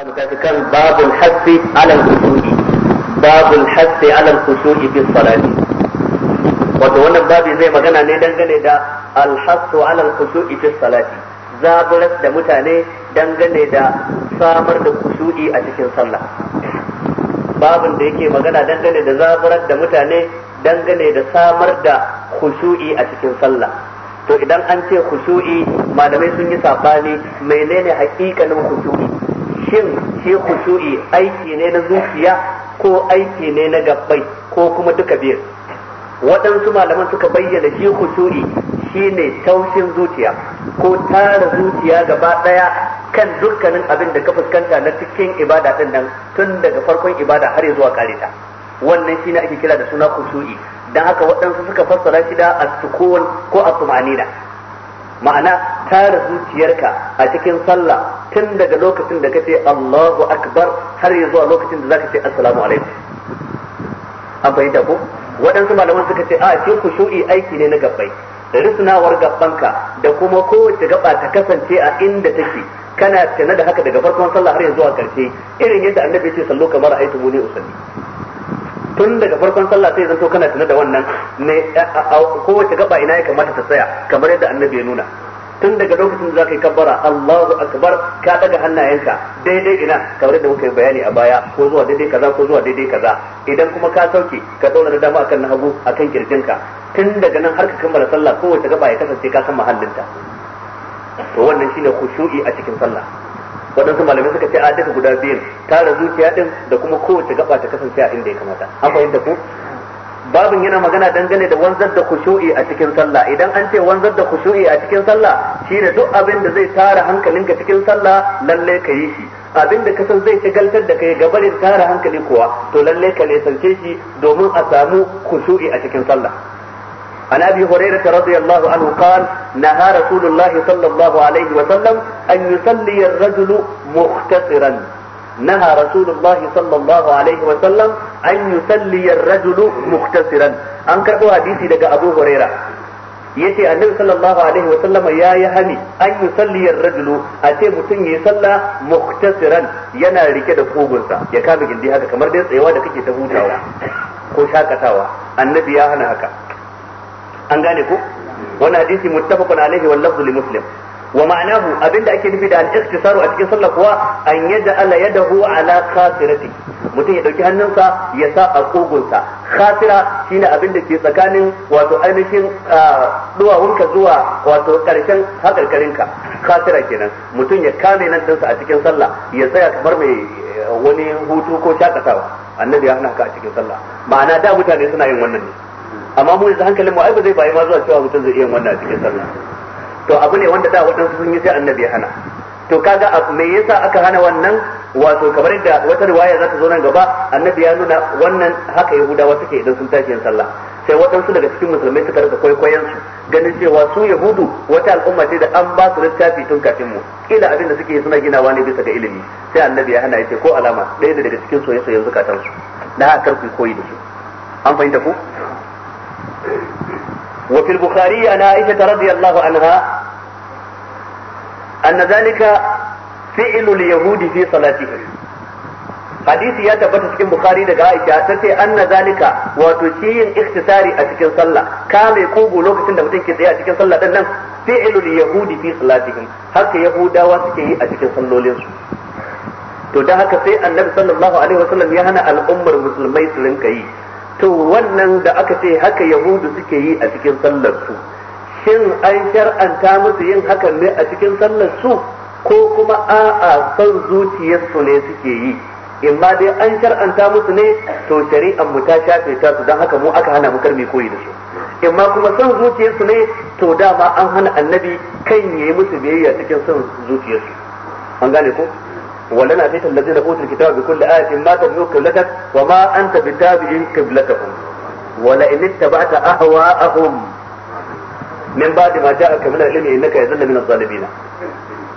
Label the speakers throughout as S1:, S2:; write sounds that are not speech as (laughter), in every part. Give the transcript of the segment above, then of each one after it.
S1: zamu tafi kan babul hasbi alal khushui babul hasbi khushui fi salati wato wannan babi zai magana ne dangane da al-hasu ala al-khushu'i fi salati zaburar da mutane dangane da samar da khushu'i a cikin sallah babin da yake magana dangane da zaburar da mutane dangane da samar da khushu'i a cikin sallah to idan an ce khushu'i malamai sun yi sabani menene hakikalin khushu'i shin shi khushu'i aiki ne na zuciya ko aiki ne na gabbai ko kuma duka biyar waɗansu malaman suka bayyana shi khushu'i shine taushin zuciya ko tara zuciya gaba ɗaya kan dukkanin abin da ka fuskanta na cikin ibada din nan tun daga farkon ibada har zuwa kare ta wannan ne ake kira da suna khushu'i dan haka waɗansu suka fassara shi da as-sukun ko at-tumanina ma'ana tara zuciyarka a cikin sallah tun daga lokacin da kace Allahu akbar har ya zuwa lokacin da zaka ce assalamu alaikum an fahimta ko waɗansu malaman suka ce a ce khushu'i aiki ne na gabbai risnawar gabbanka da kuma kowace gaba ta kasance a inda take kana tana da haka daga farkon sallah har ya zuwa karshe irin yadda annabi ya ce sallu kamar aitu muni usalli tun daga farkon sallah sai zanto kana tuna da wannan ne kowace gaba ina ya kamata ta tsaya kamar yadda annabi ya nuna tun daga lokacin da zaka yi kabbara Allahu akbar ka daga hannayenka daidai ina kamar yadda muka yi bayani a baya ko zuwa daidai kaza ko zuwa daidai kaza idan kuma ka sauke ka daura da dama akan na hagu akan kirjinka tun daga nan har ka kammala sallah kowace gaba ya kasance ka san mahallinta to wannan shine khushu'i a cikin sallah waɗansu malamai suka ce a duka guda biyun tara zuciya din da kuma kowace gaba ta kasance a inda ya kamata an fahimta ko babin yana magana dangane da wanzar da kushu'i a cikin sallah idan an ce wanzar da kushu'i a cikin sallah shine duk abin da zai tara hankalin ka cikin sallah lallai ka yi shi abin da kasan zai shigaltar da kai gabarin tara hankali kuwa to lallai ka lesance shi domin a samu kushu'i a cikin sallah عن ابي هريره رضي الله عنه قال نهى رسول الله صلى الله عليه وسلم ان يصلي الرجل مختصرا نهى رسول الله صلى الله عليه وسلم ان يصلي الرجل مختصرا an karbo hadisi daga Abu Huraira yace annabi sallallahu alaihi wa sallam ya yi hani an yusalli ar-rajulu a ce mutum yayi sallah muhtasiran yana rike da kogunsa ya kama gindi haka kamar dai tsayawa da kake ta hutawa ko shakatawa annabi ya hana haka an gane ko wannan hadisi muttafaqun alaihi wal lafzu li muslim wa ma'anahu abinda ake nufi da al iktisaru a cikin sallah kuwa an yaj'ala yadahu ala khasirati mutum ya dauki hannunsa ya sa a kogonsa khasira shine abinda ke tsakanin wato ainihin duwawunka zuwa wato karshen hakarkarinka khasira kenan mutum ya kame nan dinsa a cikin sallah ya tsaya kamar mai eh, wani hutu ko shakatawa annabi ya hana ka a cikin sallah ma'ana da mutane suna yin wannan ne amma mu da hankalin mu ai ba zai bayi ma zuwa cewa mutum zai iya wannan a cikin sallah to abu ne wanda da waɗansu sun yi sai annabi hana to kaga me yasa aka hana wannan wato kamar yadda wata riwaya za ta zo nan gaba annabi ya nuna wannan haka yahudawa suke idan sun tashi yin sallah sai waɗansu daga cikin musulmai suka rasa kwaikwayon su ganin cewa su yahudu wata al'umma ce da an ba su littafi tun kafin mu kila abin da suke suna ginawa ne bisa ga ilimi sai annabi ya hana ya ce ko alama ɗaya daga cikin soyayya zukatan su da haka kar koyi da su an fahimta ku وفي البخاري عن عائشة رضي الله عنها أن ذلك فعل اليهود في صلاتهم حديث ya tabbata cikin دقاء daga aisha ta ce اختصاري wato كان يقوب لوك a cikin sallah kame kogo lokacin da mutum ke tsaye a cikin sallah din nan fi'lul yahudi fi yahudawa suke a cikin to da haka sai annabi sallallahu alaihi wasallam ya hana al'ummar musulmai su rinka yi to wannan da aka ce haka yahudu suke yi a cikin sallar su shin an shar'anta musu yin hakan ne a cikin sallar su ko kuma a'a son zuciyarsu ne suke yi in ma dai an shar'anta musu ne to shari'an mu ta shafe ta su don haka mu aka hana mu karmi koyi da su in ma kuma son zuciyarsu ne to dama an hana annabi kan yayi musu biyayya cikin son zuciyarsu an gane ko ولنا بيت الذين أوتوا الكتاب بكل آية ما تبعوا قبلتك وما أنت بتابع قبلتهم ولئن اتبعت أهواءهم من بعد ما جاءك من العلم إنك يذل من الظالمين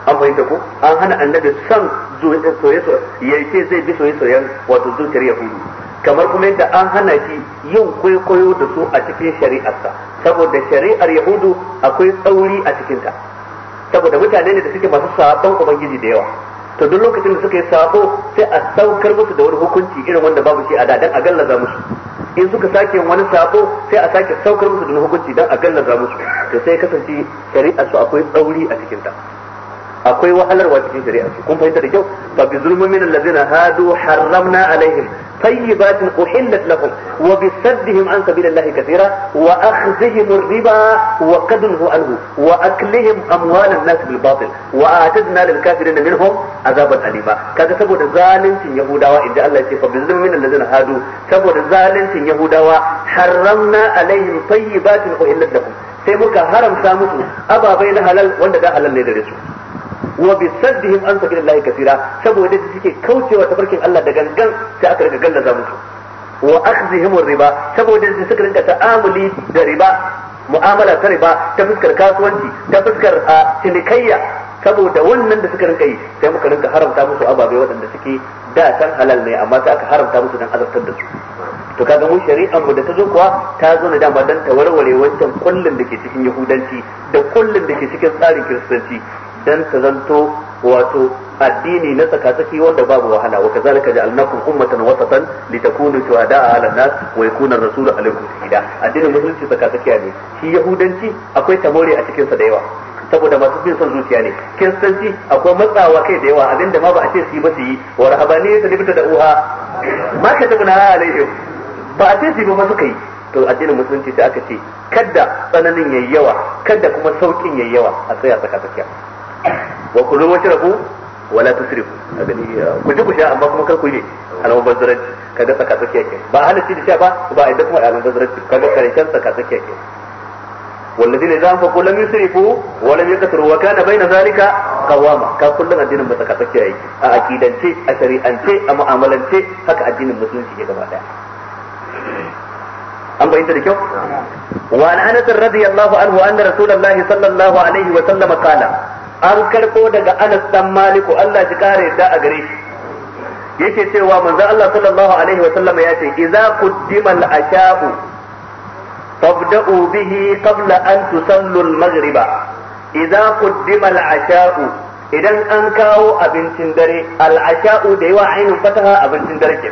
S1: an fahimta ko an hana annabi son soye ya ce zai bi soye soyen wato zuciyar kamar kuma yadda an hana shi yin kwaikwayo da su a cikin shari'arsa saboda shari'ar yahudu akwai tsauri a cikinta saboda mutane ne da suke masu saɓon ubangiji da yawa to duk lokacin da suka yi sabo sai a saukar musu da wani hukunci irin wanda babu shi a da dan a gallaza musu in suka sake wani sabo sai a sake saukar musu da hukunci dan a gallaza musu to sai kasance shari'a su akwai tsauri a cikin ta akwai wahalarwa cikin shari'a su kun fahimta da kyau fa bi zulmin allazina hadu harramna alaihim طيبات أحلت لهم وبصدهم عن سبيل الله كثيرا وأخذهم الربا وقدنه عنه وأكلهم أموال الناس بالباطل وأعتدنا للكافرين منهم عذابا أليما كذا سبب ظالم يهودا وإن الله يتفى بالظلم من الذين هادوا سبب ظالم يهودا حرمنا عليهم طيبات أحلت لهم sai muka haramta musu ababai na halal wanda da halal ne gare su wa bi saddihim an sabilillahi kaseera saboda da suke kaucewa tafarkin Allah da gangan sai aka riga gallaza musu wa akhdhihim riba saboda da suka rinka ta'amuli da riba mu'amala ta riba ta fuskar kasuwanci ta fuskar cinikayya saboda wannan da suka rinka yi sai muka rinka haramta musu ababai waɗanda suke da san halal ne amma sai aka haramta musu dan azabtar da su to kaga mu shari'ar mu da ta zo kuwa ta zo ne dama dan ta warware wancan kullun da ke cikin yahudanci da kullun da ke cikin tsarin kiristanci dan ta zanto wato addini na tsakatsaki wanda babu wahala wa kazalika ja'alnakum ummatan wasatan litakunu shuhada'a 'ala nas wa yakuna ar-rasulu 'alaykum shahida addinin musulunci tsakatsaki ne shi yahudanci akwai tamore a cikin sa da yawa saboda masu bin son zuciya ne kiristanci akwai matsawa kai da yawa abinda ma ba a ce su yi ba su yi wa rahabani ta libta da uha ma ka tabu na alaihim ba a ce su yi ba suka yi to addinin musulunci sai aka ce kada tsananin yayi yawa kada kuma saukin yayi yawa a tsaya tsaka wa ku zo wacce rafu wala ta sirif ku ji ku sha amma kuma kar ku yi alamun bazzaranci kaga tsaka tsakiya ke ba a halittu da sha ba ba a yadda kuma alamun bazzaranci kaga karshen tsaka tsakiya ke wanda zai zama fa kullum yi sirifu wala mai wa kana bai na zalika kawama ka kullum addinin ba tsaka tsakiya yake a akidance a shari'ance a mu'amalance haka addinin musulunci ke gaba daya an bayyana da kyau wa anas radiyallahu anhu anna rasulullahi sallallahu alaihi wa sallam qala an karko daga Anas dan Maliku Allah ya kare da a gare shi yake cewa manzo Allah sallallahu alaihi wa sallam ya ce idza quddimal ashau fabda'u bihi qabla an tusallu al-maghriba idza quddimal ashau idan an kawo abincin dare al-asha'u da yawa ainin fataha abincin dare ke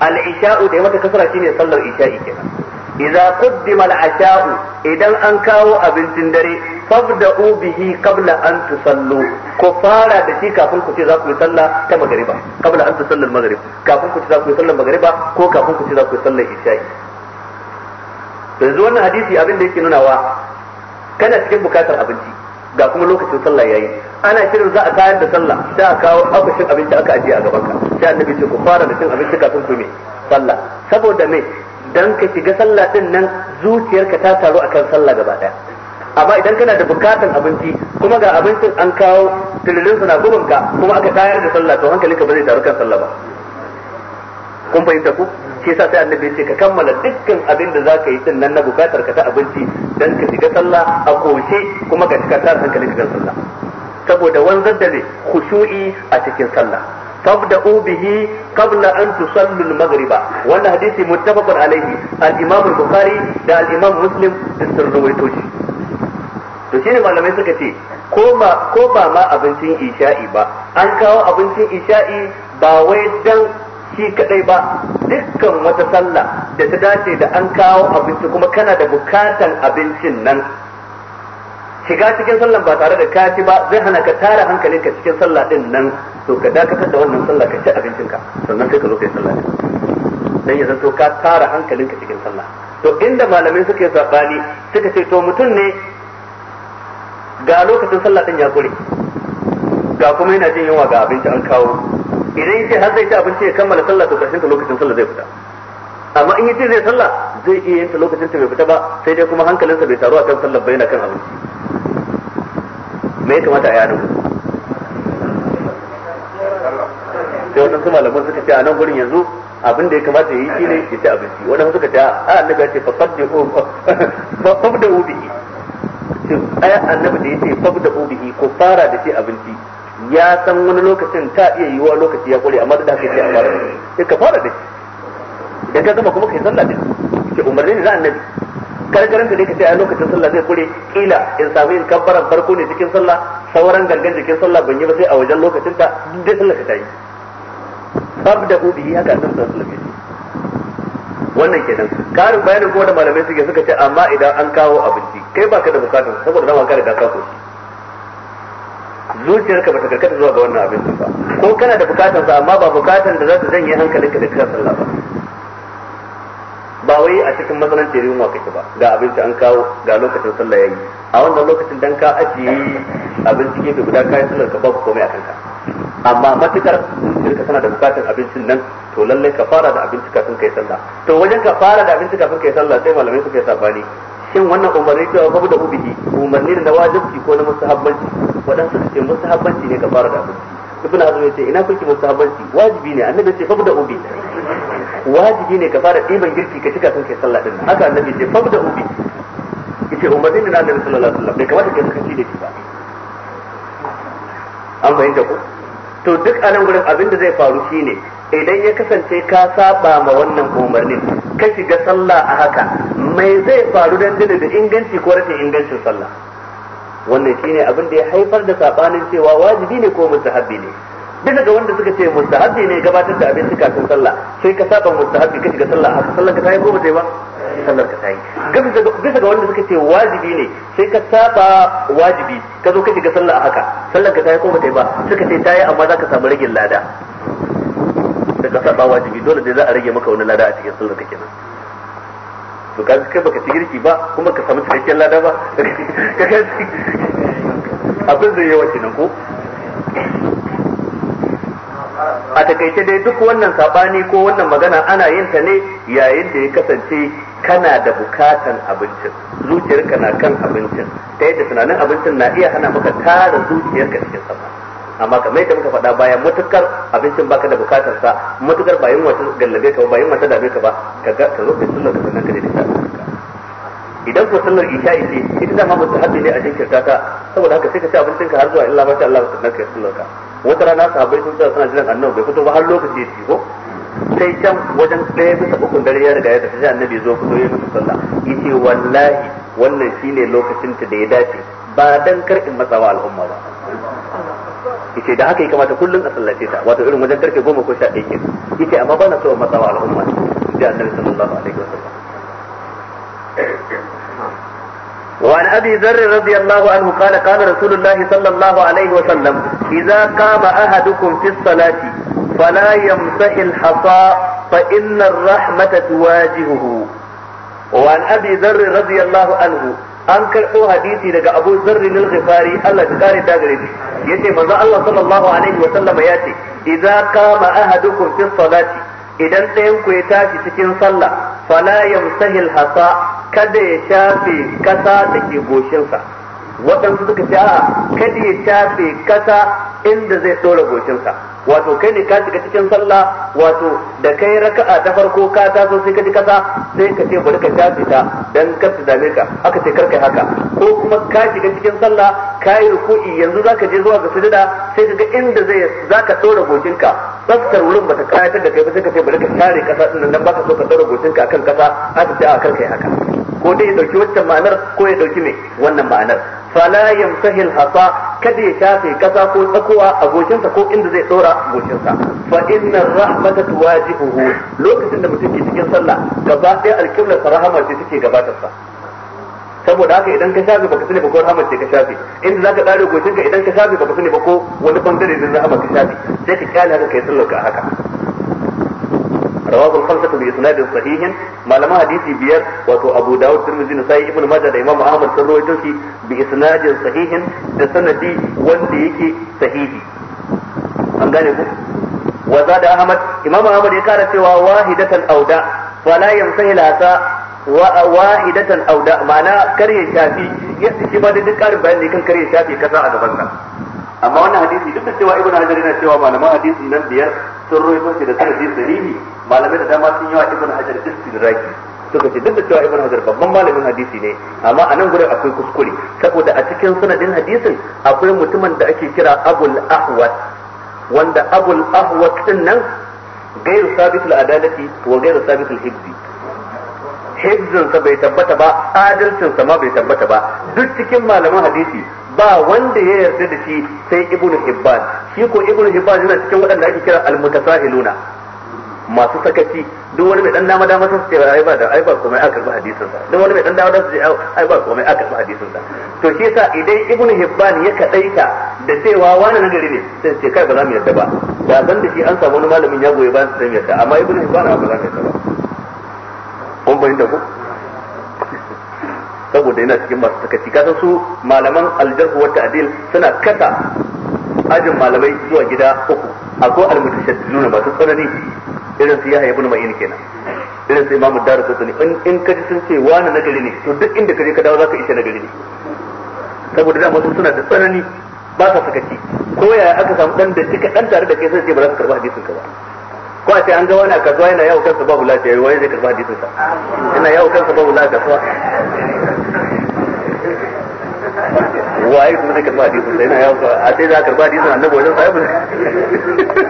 S1: al-isha'u da yawa kasara shine sallar isha'i kenan idza quddima al-asha'u idan an kawo abincin dare fabda'u bihi qabla an tusallu ko fara da shi kafin ku ce za ku yi sallah ta magriba qabla an tusallu al-maghrib kafin ku ce za ku yi sallah magriba ko kafin ku ce za ku yi sallah isha'i yanzu wannan hadisi abin da yake nunawa kana cikin bukatar abinci ga kuma lokacin sallah yayi ana kiran za a tayar da sallah sai a kawo akushin abinci aka ajiye a gaban ka sai annabi ce ku fara da cin abinci kafin ku me sallah saboda me dan ka shiga sallah din nan zuciyarka ta taru akan sallah gaba daya amma idan kana da bukatan abinci kuma ga abincin an kawo tururin suna gubin ka kuma aka tayar da sallah to hankali ka zai taru kan sallah ba kun fahimta ku shi yasa sai annabi ce ka kammala dukkan abin da zaka yi din nan na bukatar ka ta abinci dan ka shiga sallah a koshe kuma ka cika hankali hankalinka kan sallah saboda wanzar da ne khushu'i a cikin sallah فابدأوا به قبل أن تصلوا المغرب وأن حديث متفق عليه da البخاري ده الإمام مسلم shi. to shine malamai suka ce ko ba ko ba ma abincin isha'i ba an kawo abincin isha'i ba wai dan shi kadai ba dukkan wata sallah da ta dace da an kawo abinci kuma kana da bukatan abincin nan shiga cikin sallan ba tare da ka ci ba zai hana ka tara hankalinka cikin sallah din nan to ka dakatar da wannan sallah ka ci abincinka sannan sai ka zo kai sallah din dan ya zanto ka tara hankalinka cikin sallah to inda malamai suke sabani suka ce to mutum ne ga lokacin sallah din ya kure ga kuma yana jin yawa ga abinci an kawo idan yace har zai ci abinci ya kammala sallah to karshen lokacin sallah zai fita amma in yace zai sallah zai iya yin ta lokacin ta bai fita ba sai dai kuma hankalinsa bai taru a kan sallar bai na kan abinci me ya kamata a yana sai wadansu malaman suka ce a nan gurin yanzu abin da ya kamata yi shi ne ya ci abinci wadansu suka ce a annabi ya ce fafda (laughs) ubihi ai annabi da ya ce da ubihi ko fara da ce abinci ya san wani lokacin ta iya yiwuwa lokaci ya kure amma da haka ce a fara da shi ka fara da shi idan ka kuma kai sallah da shi ke umarni da annabi karkarin da ka ce a lokacin sallah zai kure kila in sami in kabbara farko ne cikin sallah sauran gangan jikin sallah ban yi ba sai a wajen lokacin ta dai sallah ka tayi babda ubi haka san sallah ne wannan kenan karin bayanin ko da malamai suke suka ce amma idan an kawo abinci kai baka da bukatun saboda dama ka riga ka koshi zuciyarka bata karkata zuwa ga wannan abincin ba ko kana da bukatan sa amma ba bukatan da za ta janye hankalinka da kira sallah ba ba wai a cikin matsalan tere yunwa kake ba ga abinci an kawo ga lokacin sallah yayi a wannan lokacin dan ka ajiye abinci gefe guda kayan sallar ka babu komai a kanka amma matukar ka tana da bukatun abincin nan to lallai ka fara da abinci kafin kai sallah to wajen ka fara da abinci kafin kai sallah sai malamai suka yi sabani shin wannan umarni cewa babu da ubihi umarni da wajibi ko na musahabbanci waɗansu su ce mustahabbanci ne ka fara da abinci ibn azumi ce ina kuke musahabbanci wajibi ne annabi ce babu da ubi wajibi ne ka fara ɗiban girki ka cika sun kai sallah nan haka annabi ce fabda ubi yace umarni na annabi sallallahu alaihi wasallam bai kamata ka kashi da shi ba an fahimta ko to duk a nan gurin abin da zai faru shine idan ya kasance ka saba ma wannan umarnin ka shiga sallah a haka mai zai faru dan dole da inganci ko rashin ingancin sallah wannan shine abin da ya haifar da sabanin cewa wajibi ne ko mustahabbi ne bisa ga wanda suka ce mustahabi ne gabatar da abinci kafin sallah sai ka saba mustahabi ka shiga sallah haka sallar ka tayi ko ba yi ba sallar ka tayi bisa ga wanda suka ce wajibi ne sai ka saba wajibi ka zo ka shiga sallah haka sallar ka tayi ko ba yi ba suka ce tayi amma zaka samu ragin lada da ka saba wajibi dole dai za a rage maka wani lada a cikin sallar ka kenan to ka kai baka ci girki ba kuma ka samu cikakken lada ba (laughs) ka kai abin zai yawa kenan ko a takaice dai duk wannan sabani ko wannan magana ana yin ta ne yayin da ya kasance kana da bukatan abincin zuciyarka na kan abincin ta yadda tunanin abincin na iya hana maka tara zuciyarka cikin sama amma kamar yadda muka faɗa baya mutukar abincin baka da bukatar sa mutukar bayan wata gallabe ka bayan wata dame ka ba ka ga ka zo ka sunna ka sannan ka da ka idan ko sallar isha ce ita ma mutum haddi ne a cikin ta saboda haka sai ka ci abincin ka har zuwa illa ma sha Allah sannan ka sunna ka wata rana bai sun tsaya suna jiran annabi bai fito ba har lokaci ya ko sai can wajen ɗaya bisa ukun dare ya riga ya tafi sai annabi zo fito ya musu sallah yace wallahi wannan shine lokacin ta da ya dace ba dan kar in matsawa al'umma ba yace da haka ya kamata kullun a sallace ta wato irin wajen karfe 10 ko 11 ɗaya ke yace amma ba na so matsawa al'umma sai annabi sallallahu alaihi wasallam وعن ابي ذر رضي الله عنه قال قال رسول الله صلى الله عليه وسلم اذا قام احدكم في الصلاه فلا يمسح الحصى فان الرحمه تواجهه وعن ابي ذر رضي الله عنه an karɓo hadisi daga Abu Zarri lil Ghifari Allah ya kare da gare shi yace manzo Allah sallallahu alaihi wa sallam ya ce idza qama ahadukum fi salati idan ɗayan ku ya tashi cikin sallah fala yamsahil hasa kada ya shafe kasa da ke goshinsa waɗansu suka ce a kada ya shafe kasa inda zai ɗora goshinsa wato kai ne ka shiga cikin sallah wato da kai raka'a ta farko ka taso sai ka ji kasa sai ka ce bari ka shafe ta dan kar ta dame ka aka ce kar kai haka ko kuma ka shiga cikin sallah ka yi ruku'i yanzu zaka je zuwa ga sujuda sai ka ga inda zai zaka tsora gocinka tsaftar wurin bata kayatar da kai ba sai ka ce bari ka share kasa din nan baka so ka tsora gocinka akan kasa aka ce a kar kai haka ko dai ya dauki wacce ma'anar ko ya dauki me wannan ma'anar fala yamsahil hasa kada ya shafe kasa ko tsakuwa a goshinsa ko inda zai dora goshinsa fa inna rahmata tuwajihuhu lokacin da mutum ke cikin sallah gaba ɗaya alƙiblar sa rahama ce take gabatar sa saboda haka idan ka shafe baka sani ba ko rahama ce ka shafe inda zaka dare goshinka idan ka shafe baka sani ba ko wani bangare din rahama ka shafe sai ka kyale haka kai sallar ka haka rawahu al-khamsatu bi isnadin sahihin malaman hadisi biyar wato Abu Dawud Tirmidhi Nasa'i Ibn Majah da Imam Ahmad sun rawaito shi bi isnadin sahihin da sanadi wanda yake sahihi an gane ku wa zada Ahmad Imam Ahmad ya kara cewa wahidatan auda fala yamsahi lasa wahidatan auda ma'ana kar ya shafi ya shi ba da karin kan kar ya shafi kasa a gaban sa amma wannan hadisi duk da cewa ibnu hajar yana cewa malaman hadisi nan biyar sun rawaito shi da sanadi sahihi malamai da dama sun yi wa ibnu hajar istinraki suka ce duk da cewa ibnu hajar babban malamin hadisi ne amma a nan gurin akwai kuskure saboda a cikin sanadin hadisin akwai mutumin da ake kira abul Ahwat, wanda abul Ahwat din nan gairu sabitul adalati wa gairu sabitul hibbi hibzinsa bai tabbata ba adalcinsa ma bai tabbata ba duk cikin malaman hadisi ba wanda ya yarda da shi sai ibnu hibban shi ko ibnu hibban yana cikin waɗanda ake kira almutasahiluna masu sakaci duk wani mai dan dama dama sun ce ai ba da ai ba komai aka karba hadisin sa duk wani mai dan dama dama sun ce ai ba komai aka karba hadisin sa to shi yasa idan ibnu hibban ya kadaita da cewa wani nagari ne sai ce kai ba za mu yarda ba da ban da shi an samu wani malamin ya goye ba sai mu yarda amma ibnu hibban ba za mu yarda ba kun bayyana ku saboda yana cikin masu sakaci kasan su malaman aljarhu wa ta'dil suna kasa ajin malamai zuwa gida uku akwai almutashaddiduna masu tsanani irin su yahya ibn ma'in kenan irin su imamu daru kutuni in in ka ji sun ce wani nagari ne to duk inda ka je ka dawo zaka ishe nagari ne saboda da masu suna da tsanani ba sa sakaci ko yaya aka samu dan da kika dan tare da kai sai ba za su karba hadisin ka ba ko a ce an ga wani a kasuwa yana yawo kansa babu lafiya wani zai karba hadisin sa yana yawo kansa babu lafiya kasuwa waye kuma zai karba hadisin sa yana yawo a sai za a karba hadisin annabi wajen sa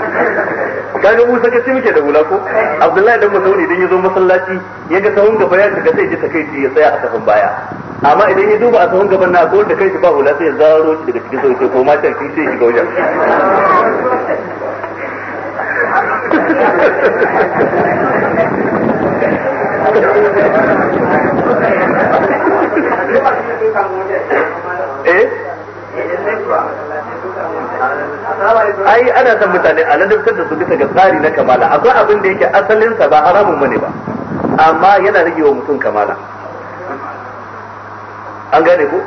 S1: kaga mu sakaci muke da hula ko abdullahi dan masauni idan ya zo masallaci ya ga sahun gaba ya shiga sai ya takaici ya tsaya a sahun baya amma idan ya duba a sahun gaban na ko da kai shi ba hula sai ya zaro shi daga cikin sauke ko ma shi sai shiga wajen Eh? ai ana son mutane a ladabtar da su bisa ga tsari na kamala akwai abin da yake asalinsa ba haramun ne ba amma yana rage wa mutum kamala an gane ko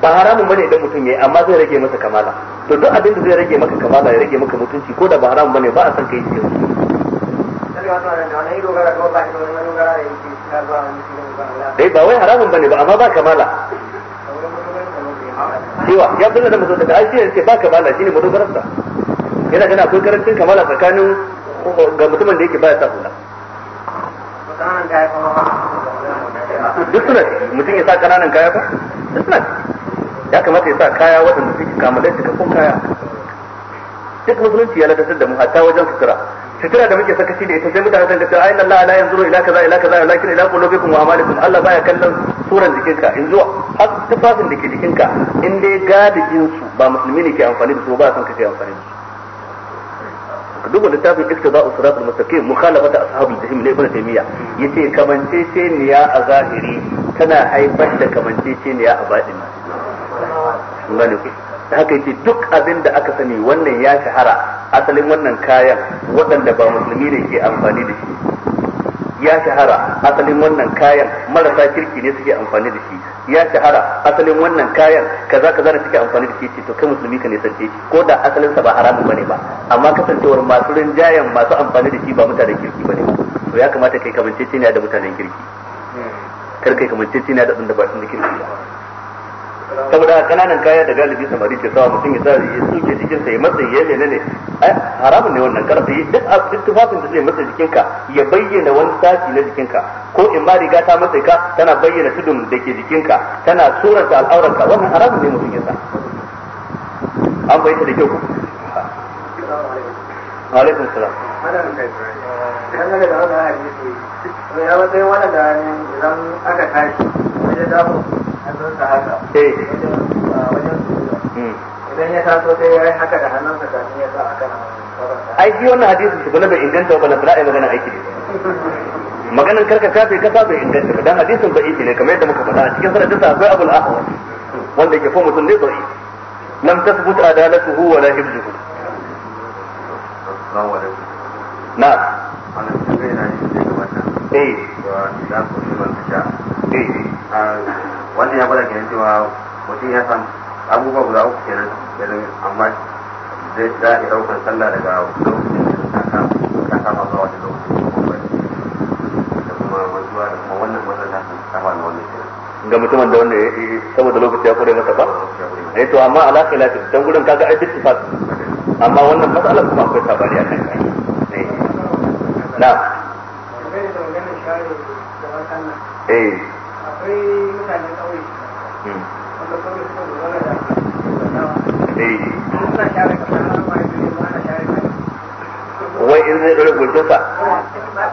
S1: ba haramun bane idan mutum yayi amma zai rage masa kamala to duk abin da zai rage maka kamala ya rage maka mutunci ko da ba haramun ne ba a san kai cikin
S2: dai ba wai haramun bane
S1: ba amma ba kamala cewa ya bulla da mutum daga ai shine ba kamala shine yana gana akwai karancin kamala tsakanin ga mutumin da yake baya sa hula duk suna mutum ya sa kananan kaya ba duk suna ya kamata ya sa kaya waɗanda suke kamalai suka kun kaya duk musulunci ya ladatar da mu hatta wajen sutura sutura da muke sakaci da ita sai mutane sun ce ayin Allah la yanzuru ila kaza ila kaza walakin ila qulubikum wa amalikum Allah baya kallon suran jikinka in zuwa har tufafin da ke jikinka in dai gadijin su ba musulmi ne ke amfani da su ba san kake amfani da su duk wanda tafin istiza'u siratul mustaqim mukhalafata ashabul jahim ne ibn taymiya yace kamance ce ya a zahiri tana haifar da kamance ce ya a baɗin gane ku da haka yake duk abin da aka sani wannan ya shahara asalin wannan kayan waɗanda ba musulmi ne ke amfani da shi ya shahara asalin wannan kayan marasa kirki ne suke amfani da shi ya shahara asalin wannan kayan kaza kaza ne suke amfani da shi ce to kai musulmi ka ne sarki ko da asalin sa ba haramun bane ba amma kasancewar masu rinjayen masu amfani da shi ba mutanen kirki bane to ya kamata kai ne da mutanen kirki hmm. kar kai ne da ɗan da ba su da kirki ba saboda kananan kaya da galibi samari ke sawa mutum ya sa ya suke jikin sa ya matsa ya ne ne eh, haramun ne wannan yi. duk a tufafin da zai matsa jikinka ya bayyana wani sashi na jikinka ko in ma riga ta matsa ka tana bayyana tudun da ke jikinka tana suranta al'auranka wannan haramun ne mutum ya sa an bayyana da kyau alaikum salam ya matsayin wani da idan
S2: aka tashi dafa hannunsa haka eh.
S1: Eh. idan ya taso sai ya yi haka da hannunsa ya sa ai shi wannan hadisin su bai inganta ba ai magana aiki ne maganan karka kafe kasa bai inganta ba dan hadisin aiki ne kamar yadda muka faɗa a cikin sanadin sa akwai abul ahwal wanda yake fa mutum ne bai lam tasbut adalatuhu wa la hibzuhu
S2: assalamu alaikum na ana cikin yana yin da wannan eh da ta
S1: eh, eh. Ah, wanda ya gwada kenan cewa mutum ya san abubuwa guda uku kenan kenan amma zai za a ɗaukar sallah daga lokacin da ta kama zuwa lokacin da kuma da kuma wannan ta kama da wannan kenan ga mutumin da wanda ya saboda lokaci ya kure masa ba eh, to amma ala kaga ai amma wannan matsalar kuma akwai a na eh Eh. wai in zai dole gurjinsa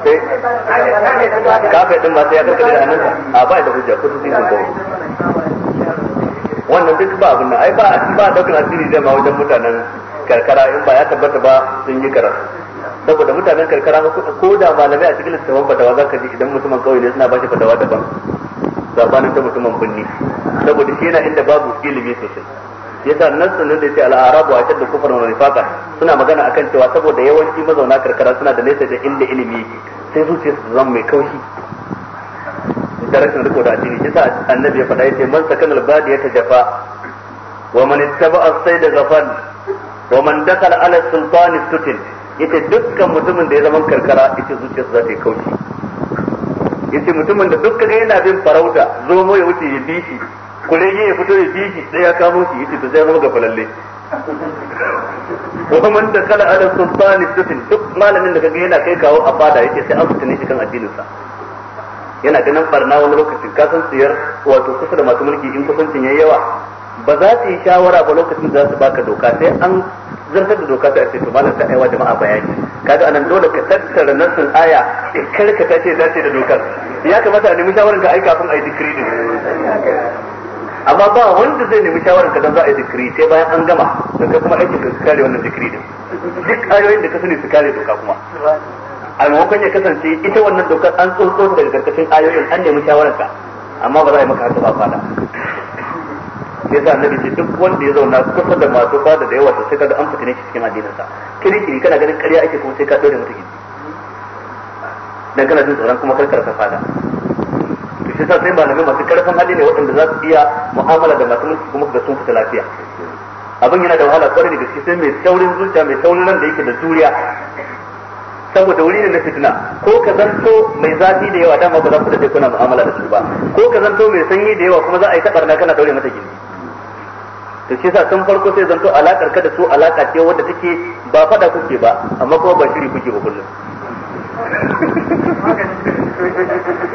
S2: sai kafa din ba sai ya karkare da
S1: hannunsa a ba da hujja ko sun sun gobe wannan duk ba abin nan ai ba a ba daukar asiri zai ma wajen mutanen karkara in ba ya tabbata ba sun yi karar. saboda mutanen karkara ko da malamai a cikin littattafan fatawa za ka ji idan mutumin kawai ne suna ba shi fatawa daban sabanin ta mutumin binni saboda shi yana inda babu ilimi sosai yasa nassun da yace al-arabu a da kufar wa nifaqan suna magana akan cewa saboda yawanci mazauna karkara suna da nesa da inda ilimi yake sai ce su zama mai kaushi da rashin riko da addini yasa annabi ya faɗa yace man sakan al-badi ya tajafa wa man as-sayd ghafal wa man dakala ala sultani tutin yace dukkan mutumin da ya zama karkara yace zuciyarsa za ta yi kaushi yace mutumin da duk yana bin farauta zo mai ya wuce ya dishi kurege ya fito ya biki sai ya kamo shi yace to zai zama ga falalle ko man da kala ala sultani sufin duk malamin da kaga yana kai kawo a yace sai an fitine shi kan addinin sa yana ganin barna wani lokacin ka san siyar wato kusa da masu mulki in kusancin yayi yawa ba za su yi shawara ba lokacin da za su baka doka sai an zartar da doka sai a to malam ta aiwa jama'a bayani kaga anan dole ka tattara nassin aya ce ka tace yi da dokar ya kamata a nemi shawaran ka aika kafin a yi dikiri amma ba wanda zai nemi shawarar ka dan za a yi zikiri sai bayan an gama da ka kuma aikin su kare wannan zikiri din duk ayoyin da ka sani su kare doka kuma a maimakon ya kasance ita wannan dokar an tsotso daga karkashin ayoyin an nemi shawarar ka amma ba za a yi maka haka ba fada sai sa annabi ce duk wanda ya zauna kusa da masu fada da yawa to sai kaga an fitine shi cikin addinin sa kiri kiri kana ganin ƙarya ake kuma sai ka dore mutum dan kana jin tsoron kuma karkar ka fada shi sa sai malamai masu karfin hali ne waɗanda za su iya mu'amala da masu mulki kuma ga sun fita lafiya abin yana da wahala kwarai da gaske sai mai taurin zuciya mai taurin ran da yake da juriya saboda wuri ne na fitina ko ka zanto mai zafi da yawa dama ba za ku da kuna mu'amala da su ba ko ka zanto mai sanyi da yawa kuma za a yi taɓarna kana daure mata gindi to shi sa tun farko sai zanto alakar ka da su alaka ce wadda take ba fada kuke ba amma kuma ba shiri kuke ba kullum
S2: (laughs)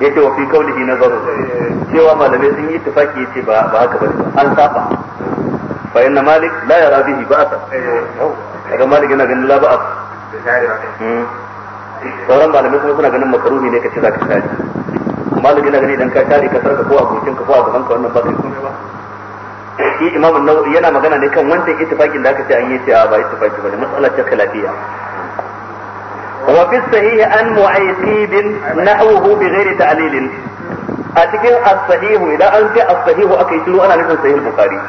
S1: yace wa fi kaulihi zaro cewa malamai sun yi ittifaki yace ba ba haka bane an saba fa inna malik la yara bihi ba'sa daga malik yana ganin la ba'a hmm. sauran malamai kuma suna ganin makaruhi ne ka kace zaka tare malik yana ganin idan ka tare ka sarka ko abokin ka ko abokan ka wannan ba kai komai ba shi imamu yana magana ne kan ke ittifakin da aka ce an yi ce a ba ittifaki bane matsala ce khilafiyya وفي الصحيح عن معيقيب نحوه بغير تعليل أتكين الصحيح إذا أنت الصحيح أكي لو أنا نفس صحيح البخاري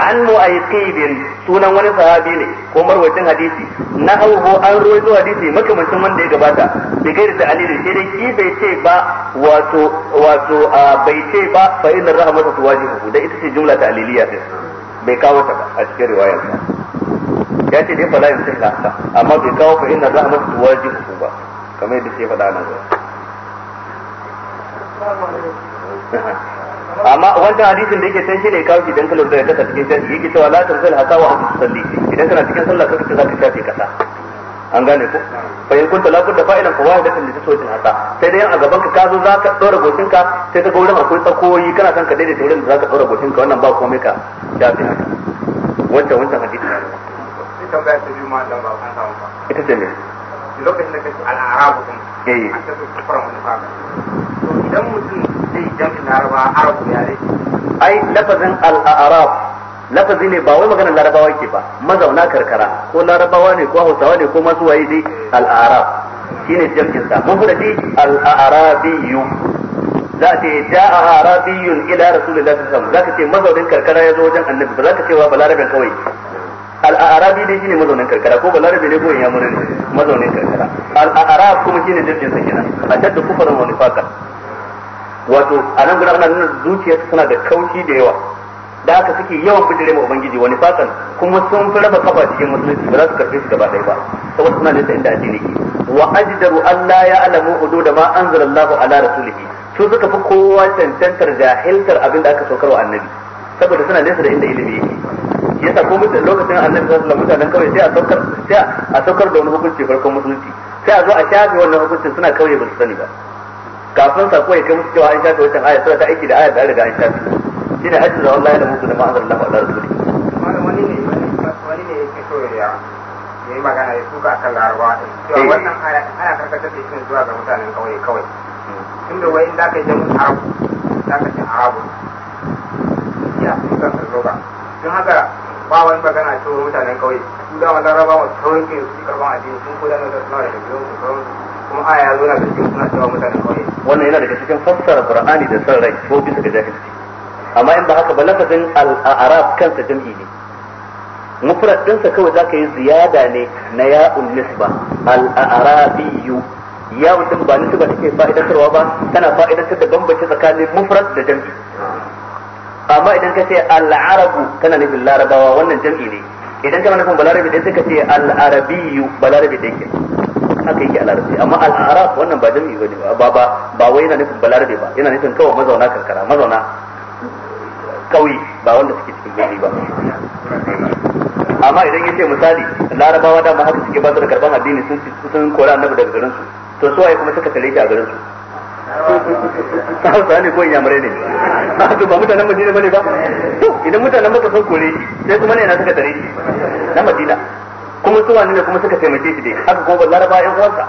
S1: عن معيقيب سونا وني صحابي لي كمر وجن حديثي نحوه أن رويتو حديثي ما من سمن دي قباتا بغير تعليل شيري كي بيتي با واتو واتو بيتي با فإن الرحمة تواجهه ده إتسي جملة تعليلية bai kawo ta a ya ce dai fa la yumkin ka amma bai kawo ka inna za a mutu ku ba kamar yadda ke faɗa nan amma wancan hadisin da yake can ne kawo idan ka lura da kasa cikin shan yake cewa la tanzil haka wa su salli idan kana cikin sallah fita za ka shafe kasa an gane ko bayan kun ta la da fa'ilan da wahidatan li tasawwurin haka sai dai a gaban ka ka ɗora zaka ka sai ka ga akwai tsakoyi kana son ka daidaita wurin da za ɗora dora ka wannan ba komai ka shafe haka wancan wancan hadisi ta ne lokacin da al'arabu din eh arabu lafazin al'arab lafazi ne ba wai magana larabawa ke ba mazauna karkara ko larabawa ne ko hausawa ne ko masu waye dai al'arab shine jam'in sa mun fada dai al'arabiyyu za ta yi da a harabiyun ila rasulullahi sallallahu za ka ce mazaunin karkara ya zo wajen annabi ba za ka ce wa balarabin kawai al'arabi ne shine mazaunin karkara ko balarabe ne ko inyamurai ne mazaunin karkara al'arab kuma shine jirgin sa kenan a tadda kufarin wani fakar wato a nan gudanar ana nuna zuciyarsa suna da kaushi da yawa da aka suke yawan bijire ma ubangiji wani fakan kuma sun fi raba kafa cikin musulunci ba za su karfe su gaba ɗaya ba saboda suna nesa inda ake ke wa ajdaru alla udu, da ma anzala Allahu ala rasulihi su suka fi kowa cancantar jahiltar abin da aka saukarwa annabi saboda suna nesa da inda ilimi yake yasa ko mutum lokacin annabi sallallahu alaihi mutanen kawai sai a saukar sai a saukar da wani hukunci farkon musulunci sai a zo a shafe wannan hukuncin suna kawai ba su sani ba kafin sa ya kai musu cewa an shafe wancan aya sai ta aiki da aya da riga an shafe ne hajji da wallahi da musu da ma'azar Allah Allah rasuli
S2: wani ne wani ne yake so ya yi magana ya suka akan larabawa cewa eh. wannan aya ana karkatar da shi zuwa ga mutanen kauye kawai tunda wai in za ka je musu arabu za ka ce arabu ya sun san zo ba don haka ba wani magana cewa mutanen kauye su da ma laraba masu
S1: kawai ke su karban addini sun kula nan da suna da shagirin su sauran kuma aya ya zo na cikin suna cewa mutanen kauye wannan yana daga cikin fassara qur'ani da san rai ko bisa ga jahilci amma in ba haka ba lafazin al-arab kansa jam'i ne mufrad dinsa kawai zaka yi ziyada ne na ya'un nisba al-arabiyyu ya mutum ba nisba take fa'idantarwa ba tana fa'idantar da bambanci tsakanin mufrad da jam'i amma idan ka ce al-arabu kana nufin larabawa wannan jam'i ne idan kana nufin balarabi dai sai ka ce al-arabiyyu balarabi dai ke haka yake al-arabi amma al-arab wannan ba jam'i bane ba ba ba wai yana nufin balarabi ba yana nufin kawai mazauna karkara mazauna kauye ba wanda suke cikin gari ba amma idan yace misali larabawa da ma haka suke ba su da karban addini sun sun kora annabi daga garin su to suwaye kuma suka tare shi a garin su hausa ne ko inyamurai ne to ba mutanen madina bane ba to idan mutanen maka sun kore shi sai kuma ne na suka tare shi na madina kuma su wani ne kuma suka taimake shi dai haka kuma laraba yan uwansa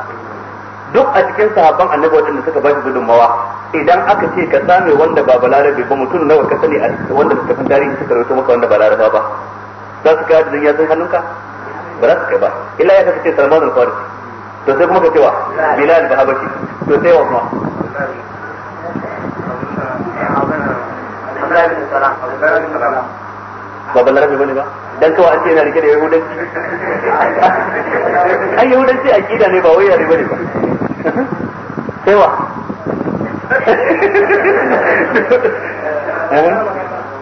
S1: duk a cikin sahabban annabi waɗanda suka ba shi gudunmawa idan aka ce ka same wanda ba balarabe ba mutum nawa ka sani wanda suka fi tarihi suka rawaito maka wanda ba ba za su kai hadisin ya san hannunka ba za su kai ba illa ya kasance salman al-farisi to sai kuma ka cewa bilal da habashi to sai wa kuma ba larabi bane ba dan kawai an ce yana rike da yahudanci ai yahudanci akida ne ba wai yare bane ba sai wa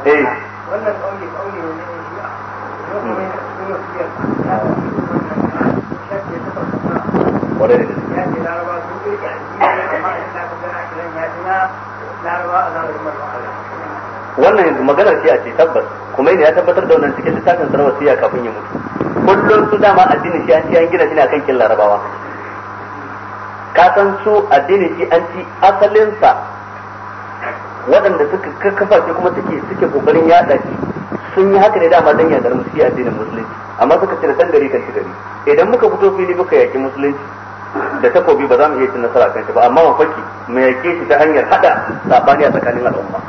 S2: eh wannan eh.
S1: ne kwarai da
S2: wannan
S1: maganar shi a ce tabbas kuma ya tabbatar da wannan cikin littafin sanar siya kafin ya mutu kullum su dama addinin shi an ci an gina shi ne akan kin larabawa ka san su addinin shi an ci asalinsa waɗanda suka kafa shi kuma suke suke kokarin yaɗa shi sun yi haka ne dama dan yadar musu addinin musulunci amma suka cire san gari kan shi gari idan muka fito fili muka yaki musulunci da takobi ba za mu iya cin nasara kan shi ba amma mafaki mai yake shi ta hanyar hada sabani a tsakanin al'umma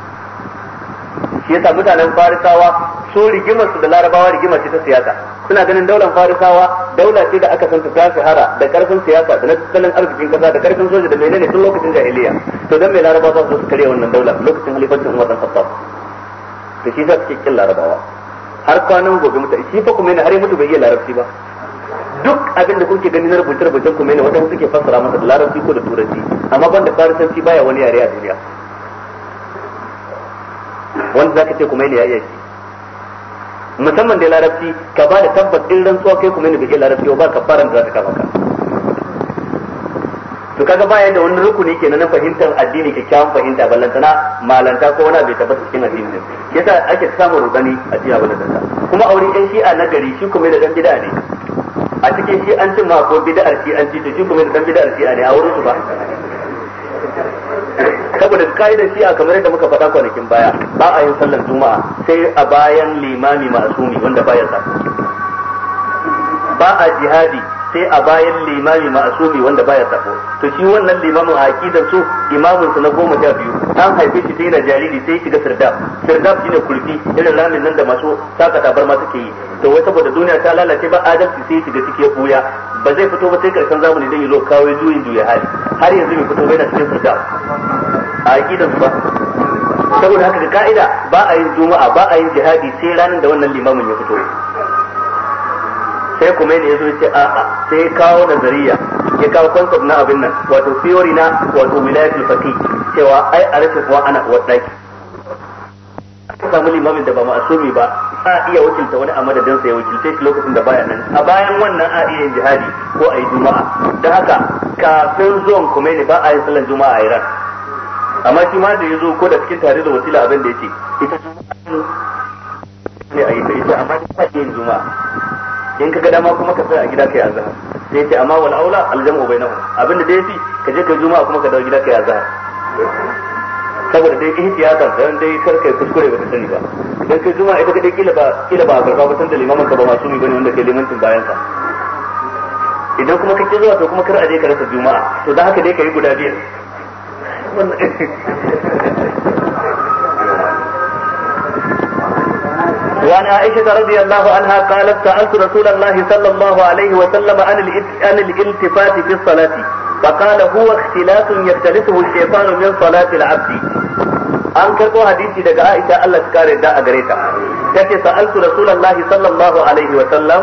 S1: shi yasa mutanen farisawa so rigimar su da larabawa rigimar ce ta siyasa suna ganin daular farisawa daula ce da aka san ta shahara da karfin siyasa da na tattalin arzikin kasa da karfin soja da menene tun lokacin jahiliya to dan mai larabawa za su karya wannan daular lokacin halifancin umar dan khattab to shi yasa suke kin larabawa har kwanan gobe mutane shi fa kuma ne har yi mutu bai iya larabci ba duk abin da kuke gani na rubuce rubucen kuma ne wanda suke fassara masa da larabci ko da turanci amma ban da farisanci baya wani yare a duniya wanda zaka ce kuma ne ya iya shi musamman da larabci ka ba da tabbas in rantsuwa kai kuma ne bai larabci ba ka fara da ka maka to kaga ba yanda wani rukuni ke na fahimtar addini kyakkyawan fahimta ballantana malanta ko wani bai tabbata cikin addini din yasa ake samun rubani a jiya ballantana kuma auren yan shi'a na gari shi kuma da dan gida ne a cikin shi an cin ma ko bid'ar shi an ci to shi kuma da dan bid'ar shi ne a wurin su ba saboda ka'idar shi a kamar yadda muka faɗa kwanakin baya ba a yin sallar juma'a sai a bayan limami ma'asumi wanda baya sa ba a jihadi sai a bayan limami ma'asumi wanda baya sako to shi wannan limamin a aqidar su imamin su na goma sha biyu an haife shi sai na jariri sai shiga sirdaf sirdaf shine kulfi irin ramin nan da masu saka tabar ma suke yi to wai saboda duniya ta lalace ba adalci sai shiga ciki ya buya ba zai fito ba sai karshen zamani zai yi lo kawo juyin juya hali har yanzu bai fito ba yana cikin sirdaf a aqidan ba saboda haka ga ka'ida ba a yin juma'a ba a yin jihadi sai ranar da wannan limamin ya fito sai kuma ne yazo ce a'a sai ya kawo nazariya ya kawo concept na abin nan wato theory na wato al faqih cewa ai a rashin kuwa ana uwar daki samu limamin da ba ma'asumi ba a iya wakilta wani a madadin sa ya wakilce shi lokacin da baya nan a bayan wannan a iya yin jihadi ko a yi juma'a da haka kafin zuwan ne ba a yin sallan juma'a a Iran amma shi ma da ya zo ko da cikin tare da wasila abin da ya ce ita juma'a ne a yi ta ita amma da ta yin juma'a in ka ga dama kuma ka tsaya a gida kai azhar sai ce amma wal aula aljamu bainahu abinda da yafi ka je kai juma'a kuma ka dawo gida kai azhar saboda dai ihtiyatan dan dai kar kai kuskure baka sani ba dan kai juma'a ita kadai kila ba kila ba karba ba tunda limamin ka ba masumi bane wanda kai limancin bayan ka idan kuma kake zuwa to kuma kar a je ka rasa juma'a to dan haka dai kai guda biyar (laughs) وعن عائشة رضي الله عنها قالت سألت رسول الله صلى الله عليه وسلم عن الالتفات في الصلاة فقال هو اختلاف يختلفه الشيطان من صلاة العبد an karɓo hadisi daga Aisha Allah ta kare da a gare ta tace sa'altu rasulullahi sallallahu alaihi wa sallam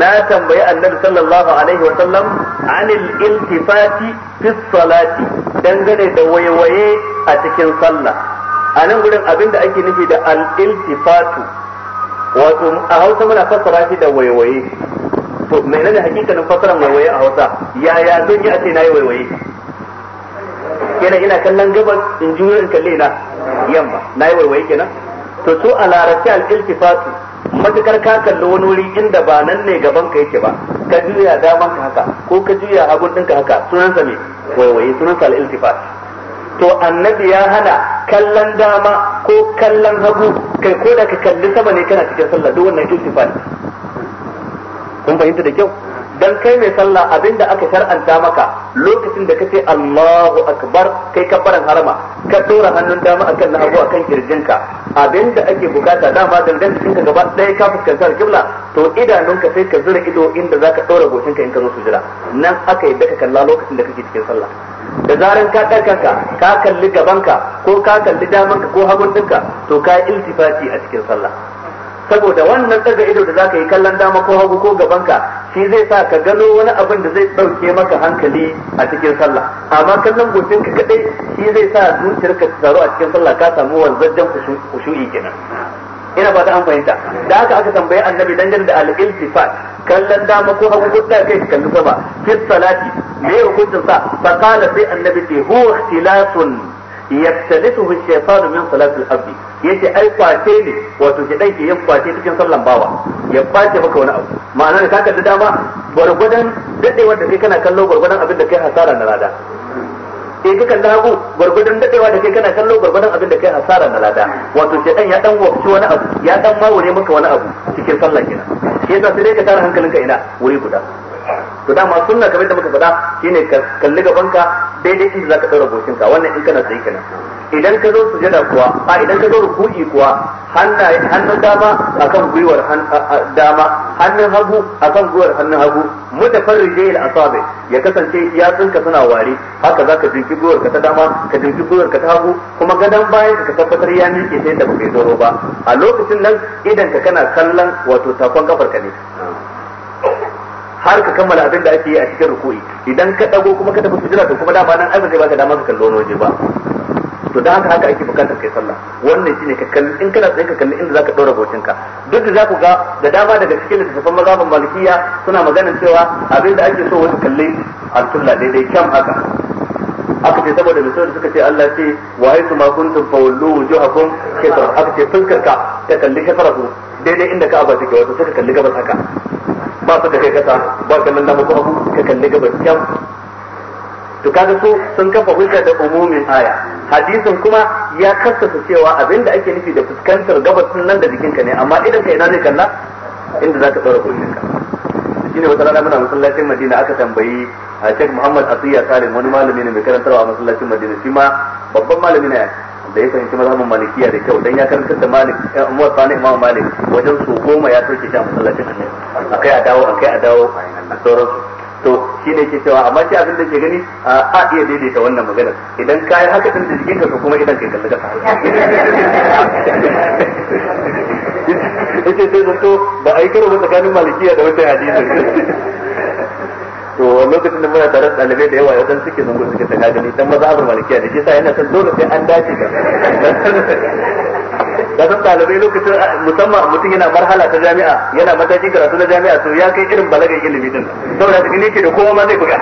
S1: na tambayi annabi sallallahu alaihi wa sallam anil iltifati fi salati dangane da wayewaye a cikin sallah a nan gurin abinda ake nufi da al iltifatu wato a hausa muna fassara shi da waiwaye to menene hakikalin fassara waiwaye a hausa yaya zan yi a ce na yi waiwaye kina ina kallon gabas in ji wurin kalle na yamma na yi waiwaye kenan to su a larabci al-iltifatu matukar ka kalli wani wuri inda ba nan ne gaban ka yake ba ka juya daman ka haka ko ka juya hagun ɗinka haka sunan sa ne waiwaye sunan sa al iltifatu to annabi ya hana kallon dama ko kallon hagu kai ko da ka kalli sama ne kana cikin sallah duk wannan iltifa ne kun fahimta da kyau dan kai mai sallah abinda aka shar'anta maka lokacin da kace Allahu akbar kai kabbaran harama ka dora hannun dama akan na hagu akan kirjinka abinda ake bukata dama dangan ka gaba ɗaya ka fuskanta kibla to idanunka sai ka zura ido inda zaka dora ka in ka zo sujira nan aka yi da ka kalla lokacin da kake cikin sallah da zaran ka ɗarkanka ka kalli gabanka ko ka kalli damanka ko hagun ɗinka to ka yi iltifati a cikin sallah saboda wannan ɗaga ido da zaka yi kallon dama ko hagu ko gabanka shi zai sa ka gano wani abin da zai ɗauke maka hankali a cikin sallah amma kallon ka kaɗai shi zai sa zuciyarka ta taru a cikin sallah ka samu jan kushu'i kenan ina fata an fahimta da haka aka tambayi annabi dangane da al-iltifat kallon dama ko hagu ko da kai kalli sama fit salati me hukuncin sa fa sai annabi ce huwa ikhtilatun yaktalisuhu ash-shaytanu min salatil abdi yace ai kwace ne wato ki danki yin kwace cikin sallan bawa ya kwace maka wani abu ma'ana ne ka kalli dama gwargwadon dadewar da kai kana kallo gwargwadon abin da kai hasara na rada sai ka kalla hagu gwargwadon dadewa da kai kana kallo gwargwadon abin da kai asara na lada wato dan ya dan wafci wani abu ya dan mawure maka wani abu cikin sallah kenan Ke yasa sai ka tara hankalinka ina wuri guda to dama sunna kamar da muka faɗa shine ka kalli ka daidai inda zaka daura ka, wannan in kana sai kana. idan ka zo sujada kuwa a idan ka zo ruku'i kuwa hannun dama akan gwiwar dama hannun hagu akan gwiwar hannun hagu mutafarrijai al-asabi ya kasance ya tsinka suna ware haka zaka jinki gwiwar ka ta dama ka jinki gwiwar ka ta hagu kuma gadan bayan ka tabbatar ya miƙe sai da bai zo ba a lokacin nan idan ka kana kallon wato takon kafar ka ne har ka kammala abin da ake yi a cikin ruku'i idan ka dago kuma ka tafi sujada to kuma dama nan ai ba zai baka dama ka kallo waje ba to da haka haka ake bukatar kai sallah wannan shine ka kalli in kana tsaye ka kalli inda zaka dora bocinka duk da zaku ga da dama daga cikin littattafan mazhaban malikiya suna maganin cewa abin da ake so wani kalli al-qibla daidai kyam haka aka ce saboda misali suka ce Allah ce wa haythu ma kuntum wallu wujuhakum kayfa aka ce fuskar ka ta kalli kafarahu daidai inda ka aba take wato suka kalli gabas haka ba su da kai kasa ba kallon dama ko abu ka kalli gabas kyam to kaga so sun kafa hujja da umumin aya hadisin kuma ya kasance cewa abinda ake nufi da fuskantar gabas nan da jikinka ne amma idan ka ina zai kalla inda za ka ɗora kullunka shine wata rana muna masallacin Madina aka tambayi a Sheikh Muhammad Asiya Salim wani malami ne mai karantarwa a masallacin Madina shi ma babban malami ne da ya fahimci mazhabin malikiya da kyau dan ya karantar da Malik eh, umar sani Imam Malik wajen su goma ya turke shi a masallacin Madina akai a dawo akai a dawo a sauransu shi ne ke cewa amma shi abin da ke gani a iya daidaita wannan magana idan ka yi haka din da ka ko kuma idan kai kalli kasa (laughs) yace sai zato ba a yi karo ba tsakanin malikiya da wata hadisi to lokacin da muna tare da ɗalibai da yawa yadda suke zungu suke tsaka gani maza abin malikiya da shi sa yana san dole sai an dace da da san ɗalibai lokacin musamman mutum yana marhala ta jami'a yana matakin karatu na jami'a to ya kai irin balagar ilimi din saboda cikin yake da kowa ma zai buga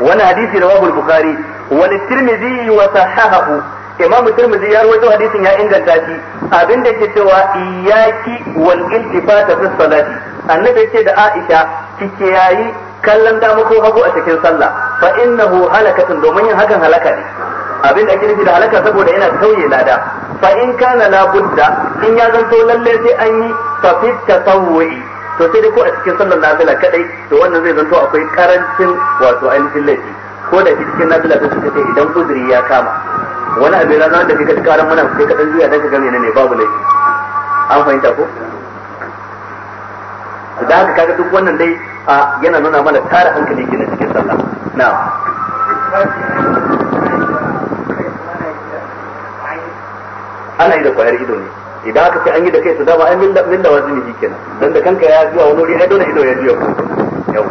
S1: wani hadisi wabul bukhari wani tirmidhi wa sahahu imamu tirmidhi ya rawaito hadisin ya inganta shi abinda yake cewa iyaki wal iltifata fi salati annabi yake da aisha kike yayi kallon dama ko hagu a cikin sallah fa innahu halakatun domin yin hakan halaka ne abin da ake nufi da halaka saboda yana tauye lada fa in kana la budda in ya zanto lalle sai an yi fa fit tatawwi to sai dai ko a cikin sallar nafila kadai to wannan zai zanto akwai karancin wato ainihin laifi ko da cikin nafila ta suka ce idan uzuri ya kama wani abin rana da kika karan mana sai ka dan juya dan ka ga menene babu laifi an fahimta ko da haka kaga duk wannan dai a yana nuna mana tara hankali na cikin sallah na. ana yi da kwayar ido ne idan aka ce an yi da kai su dama ai min da min da wazini shi kenan dan da kanka ya zuwa wani wuri ai dole ido ya juya ko yau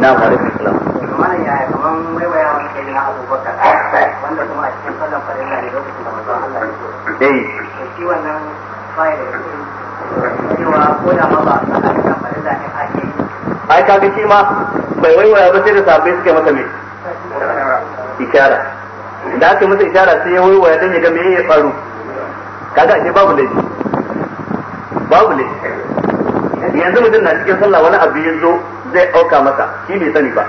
S1: na'am alaikum salam
S2: mana ya kaman mai waya wani kai na abubakar wanda kuma a cikin sallan farilla ne lokacin da manzon Allah ya zo eh shi wannan fa'ida
S1: cewa ko da ma ba ai ka shi ma bai waiwaya ba sai da sabai suke masa mai ishara da aka masa ishara sai ya waiwaya don ya ga me ya faru kaga ashe babu laifi babu laifi yanzu mutum na cikin sallah wani abu ya zo zai auka masa shi bai sani ba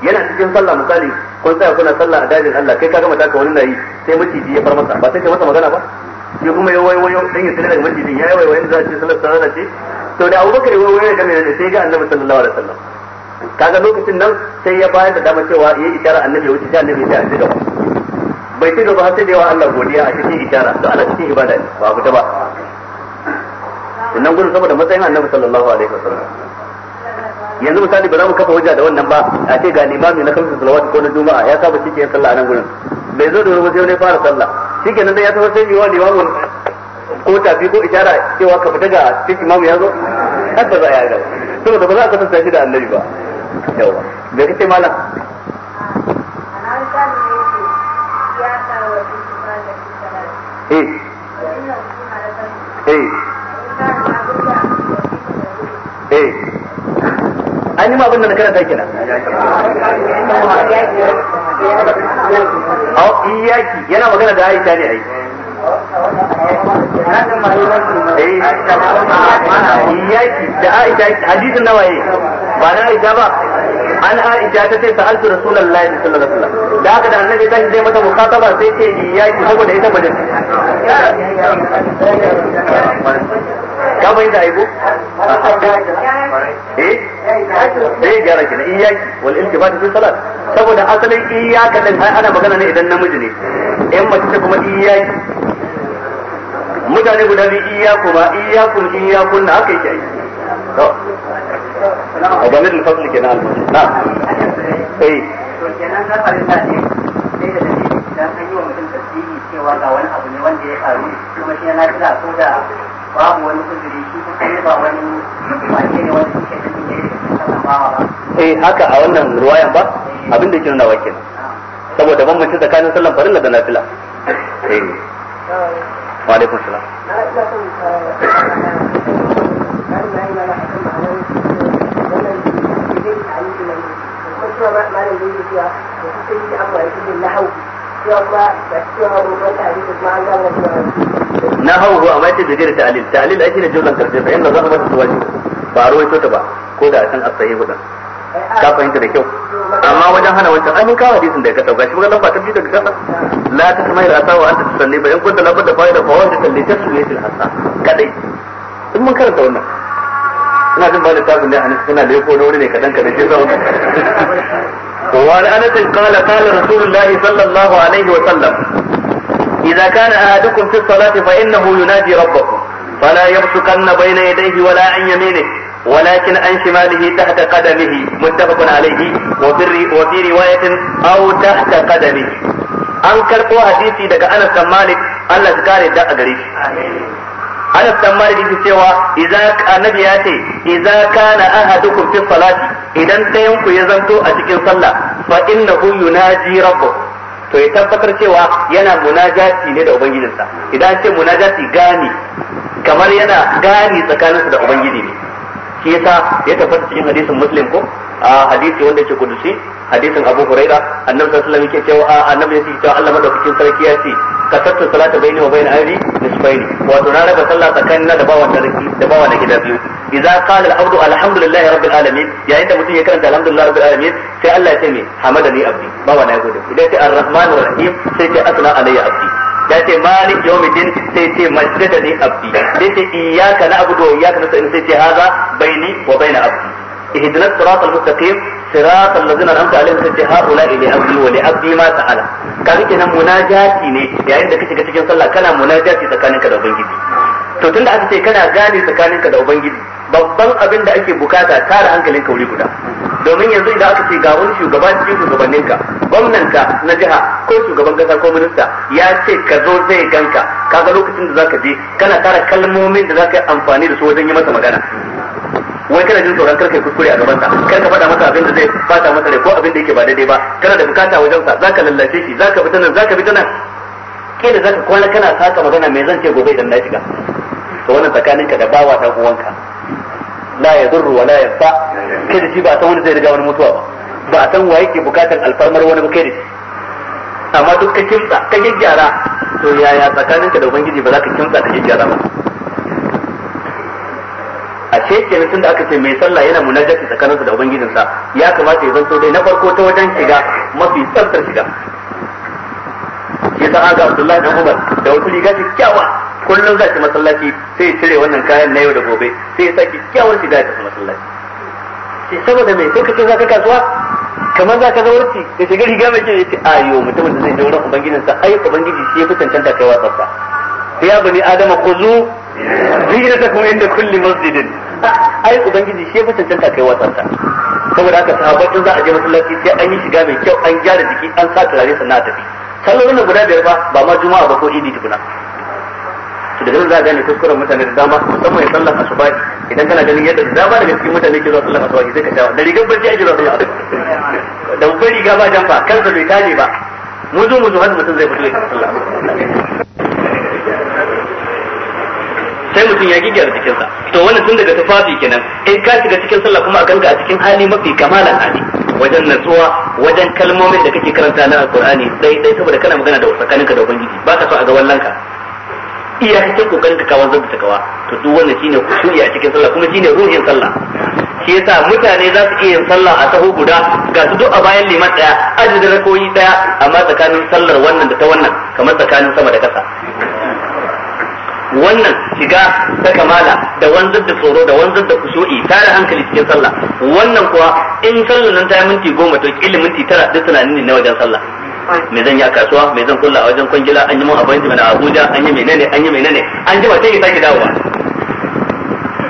S1: yana cikin sallah misali kun tsaya kuna sallah a dajin Allah kai ka gama taka wani nayi sai maciji ya far masa ba sai ka masa magana ba shi kuma ya wayo wayo dan ya tsira daga macijin ya wayo wayo da shi sallar sallah ce to da abubakar wai wai da ne sai ga annabi sallallahu alaihi wasallam kaga lokacin nan sai ya bayar da dama cewa yi isharar annabi wuce sai annabi sai a ci gaba bai ci gaba sai da yawa Allah godiya a cikin isharar to ana cikin ibada ne ba fita ba sannan gudu saboda matsayin annabi sallallahu alaihi wasallam yanzu misali ba za mu kafa hujja da wannan ba a ce ga limami na kamsu salawat ko na juma'a ya saba shi ke sallah a nan gudun bai zo da wani sai ya fara sallah shi ke nan da ya saba sai yi wa limamin ko tafi ko ishara cewa ka fita ga cikin imamu ya zo har ba za a yi yaga saboda ba za a ka tantance da annabi ba yawa da kace malam eh eh eh an yi ma abin da na karanta kenan oh, a yaki yana magana da aisha ne ai Eh, yaki da Aisha hadisin nawa yayi eh? ba na Aisha ba an Aisha ta ce sa'altu Rasulullahi sallallahu da haka da annabi ta zai mata mukataba sai ce saboda ita bada ka bai da aibu
S2: eh eh
S1: gyara kina iyaki wal iltifat fi salat saboda asalin ana magana ne idan namiji ne in kuma iyaki mutane guda biyu iya ba iya iyakun na haka yake to a game da fasli ke na eh
S2: na yi wa mutum tasiri cewa ga wani ne wanda ya faru kuma shi yana ko da babu wani kudiri shi kuma ba wani
S1: eh, a wannan ruwayan ba eh. abin ke nuna da wa alaikum salam na hau ruwa amma yace bigar ta'lil ta'lil ai shine jumlan karshe fa inna zahmat tuwajib ba ruwaito ta ba ko da san as ka fahimta da kyau amma wajen hana wancan ainihin kawo hadisin da ya kasau gashi magana fatan jita ga kasa la ta kama yara sawa an ta ta sanne ba yan kwanta labar da bayan da bawa da sanne ta suye shi hasa kadai in mun karanta wannan ina jin bani tabin ne a nan suna lefo na wuri ne kadan kadai ke zama wa anas kala qala rasulullah sallallahu alaihi wa sallam idza kana ahadukum fi salati fa innahu yunadi rabbahu fala yabsukanna bayna yadayhi wala an yaminihi ولكن عن شماله تحت قدمه متفق عليه وفي وفي رواية أو تحت قدمه an karɓo hadisi daga Anas سمالك Malik Allah ya kare da a gare shi Anas كان Malik yake cewa idza في ya ce idza kana ahadukum fi salati idan ɗayan ku ya a cikin sallah fa innahu to ya tabbatar cewa yana munajati ne da ubangijinsa idan ce munajati gani kamar yana gani tsakaninsa da ubangiji ne shi yasa ya tabbata cikin hadisin muslim ko a hadisi wanda yake kudusi hadisin abu huraira annabi sallallahu alaihi wasallam yake cewa annabi yake cewa Allah madaukakin sarki ya ce tattu salata baini wa baina abdi nisfaini wato na raba sallah tsakanin na da bawan sarki da bawan na gida biyu idza qala al-abdu alhamdulillahi rabbil alamin yayin da mutum ya karanta alhamdulillahi rabbil alamin sai Allah ya ce me hamdani abdi bawa na gode idan sai ar-rahmanir rahim sai ce asna alayya abdi ya ce malik yawmiddin sai ce masjada ni abdi sai ce iyyaka na'budu wa iyyaka nasta'in sai ce haza baini wa baina abdi ihdina siratal mustaqim siratal ladzina an'amta alaihim sai ce haula ila abdi wa li abdi ma ta'ala kaga kenan munajati ne yayin da ka shiga cikin sallah kana munajati tsakaninka da ubangiji to tunda aka ce kana gane tsakaninka da ubangiji babban abin da ake bukata tara hankalin kauri guda domin yanzu idan aka ce ga wani shugaba cikin shugabannin ka gwamnanka na jiha ko shugaban kasa ko minista ya ce ka zo zai ganka kaga lokacin da zaka je kana tara kalmomin da zaka yi amfani da su wajen yi masa magana wai kana jin tsoron karka kuskure a gaban sa kar ka faɗa masa abin da zai fata masa rai ko abin da yake ba daidai ba kana da bukata wajen sa zaka lallace shi zaka fita nan zaka fita nan ke da zaka kwana kana saka magana me zan ce gobe idan na shiga to wannan tsakaninka da bawa ta uwanka la yadurru wa la yanfa kai da shi ba san wani zai riga wani mutuwa ba ba a san wa ke bukatan alfarmar wani ba kai da shi amma duk ka kinsa ka gyaggyara to yaya tsakaninka da ubangiji ba za ka kinsa ka gyaggyara ba a ce kenan tunda aka ce mai sallah yana munajati tsakaninsa da ubangijinsa ya kamata ya zanto dai na farko ta wajen shiga mafi tsaftar shiga Ya sa aga Abdullahi dan Umar da wasu riga kyakkyawa kullum za ki masallaci sai ya cire wannan kayan na yau da gobe sai ya saki kyawar shiga ya tafi masallaci sai saboda mai sai ka ce za ka kasuwa kamar za ka zaurci da shiga riga mai kyau ya ce ayo mutumin da zai je wurin sa ai ubangiji shi ya fi cancanta kai watsarsa ya bani adama
S3: ta
S1: kuma inda kulli masjidin ai ubangiji shi ya fi cancanta kai watsarsa saboda haka sahabbai in za a je masallaci sai an yi shiga mai kyau an gyara jiki an sa turare sannan a tafi sallolin guda biyar ba ba ma juma'a ba ko idi tukuna daga nan za a gane kuskuren mutane da dama musamman a asuba idan kana ganin yadda da dama daga cikin mutane ke zuwa sallar asuba sai ka tawa da rigar barci ake zuwa sallar da babbar riga ba jamfa kansa bai taje ba muzu muzu har mutum zai fito ya sallah. sai mutum ya gigiyar jikinsa to wannan tun daga tufafi kenan in ka shiga cikin sallah kuma a ganga a cikin hali mafi kamalan hali wajen natsuwa wajen kalmomin da kake karanta na alkur'ani dai dai saboda kana magana da tsakaninka da ubangiji ba ka so a ga wallanka iya cikin kokarin ka kawo ta kawa to duk wannan shine kusuri a cikin sallah kuma shine ruhin sallah shi yasa mutane za su iya yin sallah a taho guda ga su duk a bayan liman daya adadin rakoyi daya amma tsakanin sallar wannan da ta wannan kamar tsakanin sama da kasa wannan shiga ta kamala da wanzar da tsoro da wanzar da kushu'i tare hankali cikin sallah wannan kuwa in sallar nan ta yi minti goma to ilimin minti tara duk tunanin ne na wajen sallah me zan yi a kasuwa me zan kulla a wajen kwangila an yi mun appointment na Abuja an yi menene an yi menene an jima sai ya sake dawowa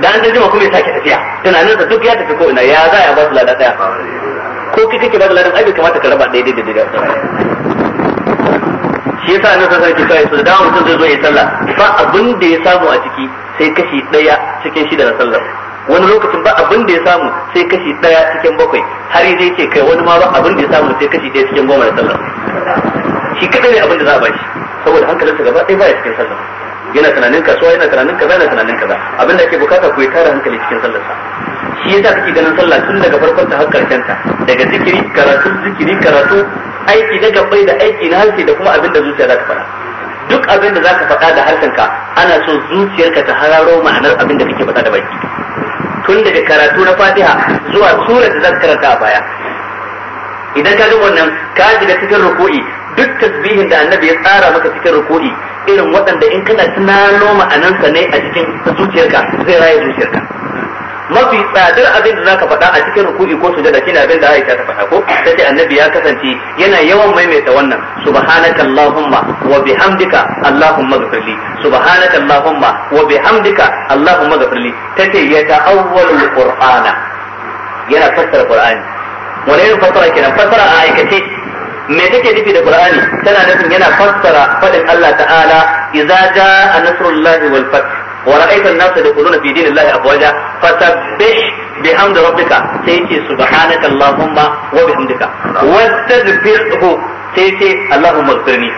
S1: da an jima kuma ya sake tafiya tunanin sa duk ya tafi ko ina ya za ya ba su lada daya ko kai kike ba da ladan ai bai kamata ka raba daidai da daidai shi yasa annabi sallallahu alaihi sai da dawo mutum zai zo ya sallah fa abin da ya samu a ciki sai kashi daya cikin shida na sallar wani lokacin ba abin da ya samu sai kashi daya cikin bakwai har zai ce kai wani ma ba abin da ya samu sai kashi daya cikin goma da sallah shi kaɗai ne abin da za a bashi saboda hankalinsa gaba ɗaya baya cikin sallah yana tunanin kasuwa yana tunanin kaza yana tunanin kaza abin da ake bukata ku yi tara hankali cikin sallarsa shi yasa kake ganin sallah tun daga farkon ta har karshen ta daga zikiri karatu zikiri karatu aiki na gabbai da aiki na harshe da kuma abin da zuciya za ta fara. duk abin da za ka faɗa da harshenka ana so zuciyarka ta hararo ma'anar abin da kake faɗa da baki tun daga karatu na fatiha zuwa sura da zan karanta a baya idan ka ji wannan ka ji da cikin ruku'i duk tasbihin da annabi ya tsara maka cikin ruku'i irin waɗanda in kana tunano ma'anansa ne a cikin zuciyarka zai raye zuciyarka mafi tsadar abin da zaka faɗa a cikin ruku'i ko sujada shine abin da Aisha ta faɗa ko tace annabi ya kasance yana yawan maimaita wannan subhanaka allahumma wa bihamdika allahumma ghfirli subhanaka allahumma wa bihamdika allahumma ghfirli tace ya ta'awwalul qur'ana yana fassara qur'ani wani irin fassara kenan fassara a aikace me take nufi da Qur'ani tana nufin yana fassara fadin Allah ta'ala idza jaa nasrullahi wal fath ورأيت الناس يدخلون في دين الله أفواجا فسبح بحمد ربك سيتي سبحانك اللهم وبحمدك واستغفره سيتي اللهم اغفرني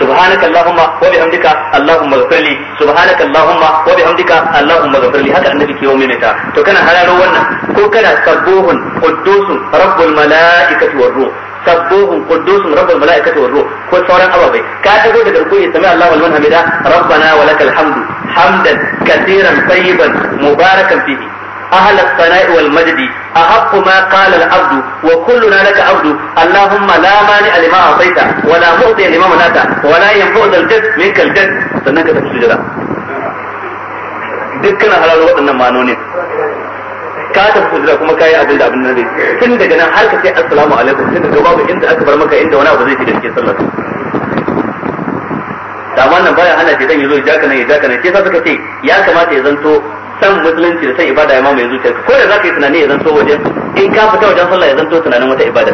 S1: سبحانك اللهم وبحمدك اللهم اغفر لي سبحانك اللهم وبحمدك اللهم اغفر لي هذا النبي يوم متى تو كان حلالو wannan ko kana sabbuhun quddusun rabbul malaikati والروح sabbuhun quddusun rabbul malaikati war ruh ko sauran ababai ka dago daga ruku ya sami Allahu liman hamida rabbana wa lakal hamdu hamdan kasiran tayyiban mubarakan fihi أهل الثناء والمجد أحق ما قال العبد وكلنا لك عبد اللهم لا مانع لما أعطيت ولا معطي لما منعت ولا ينفع ذا الجد منك الجد سنك تسجد dukkan halar waɗannan manonin ka tafi kujira kuma kayi abin da abin da zai tun daga nan har ka sai assalamu alaikum tun daga babu inda aka bar maka inda wani abu zai fi da cikin sallar da wannan baya hana shi dan yazo ya jaka nan ya jaka nan sai suka ce ya kamata ya zanto san musulunci da san ibada ya mamaye zuciya ko da zaka yi tunani ya zanto wajen in ka fita wajen sallah ya zanto tunanin wata ibada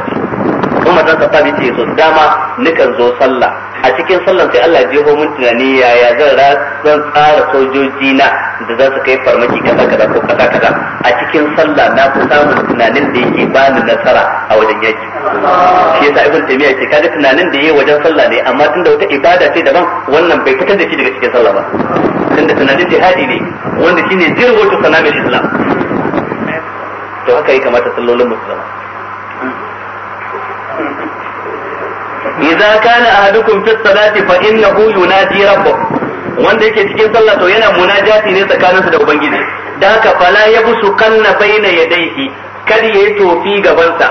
S1: Umar dan Khattab yace so dama nikan zo sallah a cikin sallan sai Allah ya jeho mun tunani yaya zan zan tsara sojoji na da za su kai farmaki kaza kaza ko kaza kaza a cikin sallah na fi samun tunanin da yake ni nasara a wajen yaki shi yasa Ibn Taymiyyah ce kaga tunanin da yayi wajen sallah ne amma tunda wata ibada ce daban wannan bai fitar da shi daga cikin sallah ba tunda tunanin jihadi ne wanda shine zirwatu sanamin Islam to haka yi kamata sallolin musulma idza kana ahadukum fi salati fa innahu yunaji rabbah wanda yake cikin sallah to yana munajati ne tsakaninsa da ubangiji da haka fala yabsu kanna baina yadayhi kada yayi tofi gabansa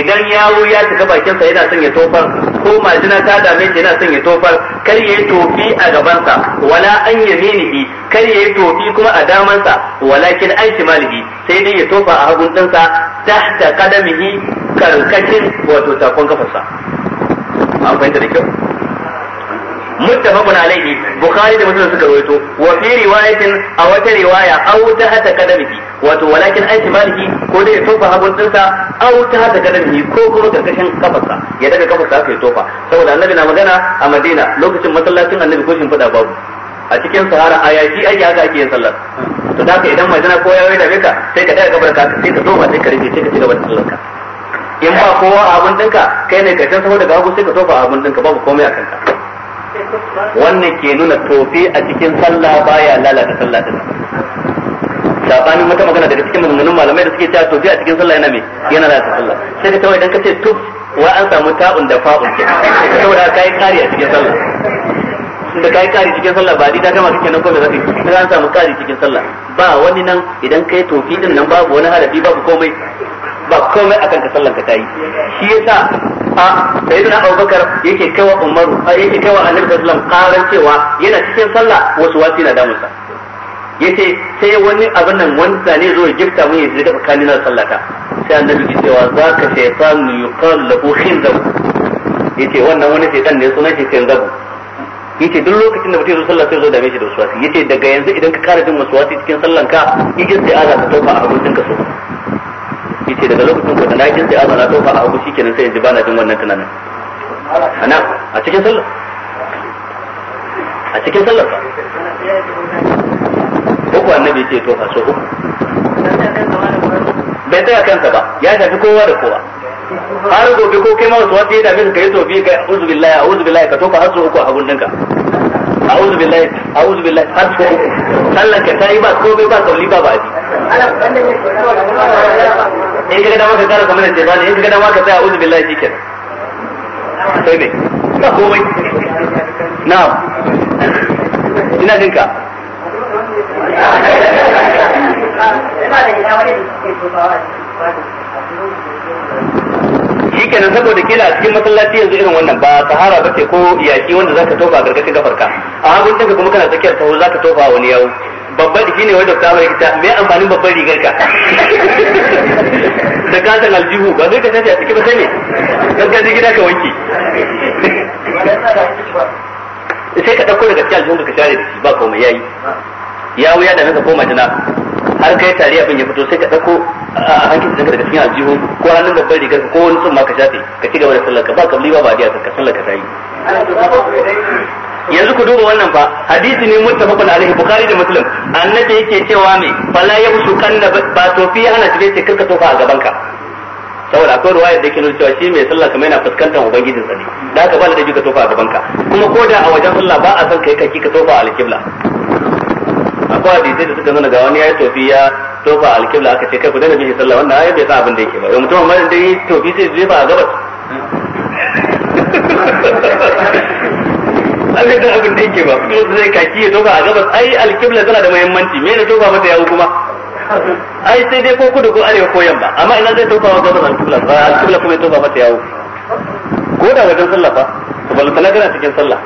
S1: idan yawo ya shiga bakinsa yana son ya tofar ko majina ta dame shi yana son ya tofar kar ya yi tofi a gabansa wala an yaminihi kar ya yi tofi kuma a damansa walakin an shimalihi sai dai ya tofa a hagun ɗinsa tahta qadamihi karkashin wato takon kafarsa an da kyau متفقون عليه bukhari da مثل suka rawaito wa fi riwayatin a wata riwaya aw ta hata kadamihi wato walakin an shimaliki ko dai tofa hagun dinsa aw ta hata kadamihi ko kuma karkashin kafarsa ya daga kafarsa aka yi tofa saboda annabi na magana a madina lokacin masallacin annabi ko babu a cikin sahara a yaki ake haka ake yin sallar to da idan majina ko yayi da ka sai ka daga sai ka tofa sai ka sai ka ci gaba da in ba kowa a abun dinka kai ne ka san saboda ga hagu ka tofa abun dinka babu komai a kanka wannan ke nuna tofi a cikin sallah baya lalata sallah din sabanin mata magana daga cikin maganganun malamai da suke cewa tofi a cikin sallah yana mai yana lalata sallah sai ka tawaye dan ka ce tuf wa an samu ta'un da fa'un ke saboda kai kari a cikin sallah da kai kari cikin sallah ba ta gama kake nan ko me zaka yi sai an samu kari cikin sallah ba wani nan idan kai tofi din nan babu wani harafi babu komai ba komai akan ka sallan ka tayi shi yasa a na abubakar yake kawa umaru yake kawa annabi sallallahu karan cewa yana cikin sallah wasu wasi na damunsa yace sai wani abin nan wani zane zo ya gifta mu ya ji da kani na sallata sai annabi ya cewa zaka shaytanu yuqal lahu khinzab yace wannan wani shaytan ne sunan shi khinzab yace duk lokacin da mutum ya zo sallah sai zo da shi da wasu yace daga yanzu idan ka kara jin wasu sallan ka sallanka sai aza ka tauba a abokin ka so ce daga lokacin ko da na kin sai azana tofa a hagu kenan sai yanzu ji bana jin wannan tunanin ana a cikin sallah a cikin sallah ba uku annabi yace tofa so uku bai tsaya kansa ba ya shafi kowa da kowa har gobe ko kai ma wasu wata ya dame ka yi tofi ga uzubillahi a uzubillahi billahi ka tofa har so uku a hagun dinka a'udhu billahi a'udhu billahi har ko sallan ka tayi ba ko bai ba kauli ba ba
S2: in ka ga maka kara kamar ce ba ne in ka ga maka
S1: tsaya a'udhu billahi shikenan sai ne ba komai na'am ina jin ka
S2: ina da ina wani da ke tofawa
S1: kenan saboda kila a cikin masallaci yanzu irin wannan ba sahara ba ce ko yaki wanda zaka tofa a gargashin gafarka a hagun ɗinka kuma kana tsakiyar taho zaka tofa wani yau babban shi ne wadda ta mai kita me amfanin babban rigar ka da kasan aljihu ba zai ka tafi a cikin ba sai gaskiya gida ka wanke sai ka ɗauko daga cikin aljihun ka share da ba komai yayi ya wuya da ka koma jina har kai tare abin ya fito sai ka dauko a hankin da daga cikin aljihu ko hannun babbar rigar ko wani sun ma ka shafe ka ci gaba da sallar ka ba ka ba ba diya ka sallar ka tayi yanzu ku duba wannan fa hadisi ne muttafaqun alaihi bukhari da muslim annabi yake cewa me fala yabshu kanna ba to fi hana shi ce karka tofa a gaban ka saboda akwai ruwaya da yake nuna cewa shi mai sallah kamar yana fuskantar ubangijin sa ne da ka ba da ka tofa a gaban ka kuma ko da a wajen sallah ba a san kai kaki ka tofa a alkibla akwai hadisai da suka nuna ga wani yayi tofi ya tofa alkibla aka ce kai ku daina bishi sallah wannan ayyuka bai sa abin da yake ba yau mutum amma dai tofi sai zai ba a gabas Allah da abin da yake ba kuma zai kaki ya tofa a gabas ai alkibla tana da muhimmanci me ne tofa mata yawo kuma ai sai dai ko kudu ko arewa ko yamma amma idan zai tofa wa gabas alkibla ba alkibla kuma ya tofa mata yawo ko da wajen sallah fa to balantana gana cikin sallah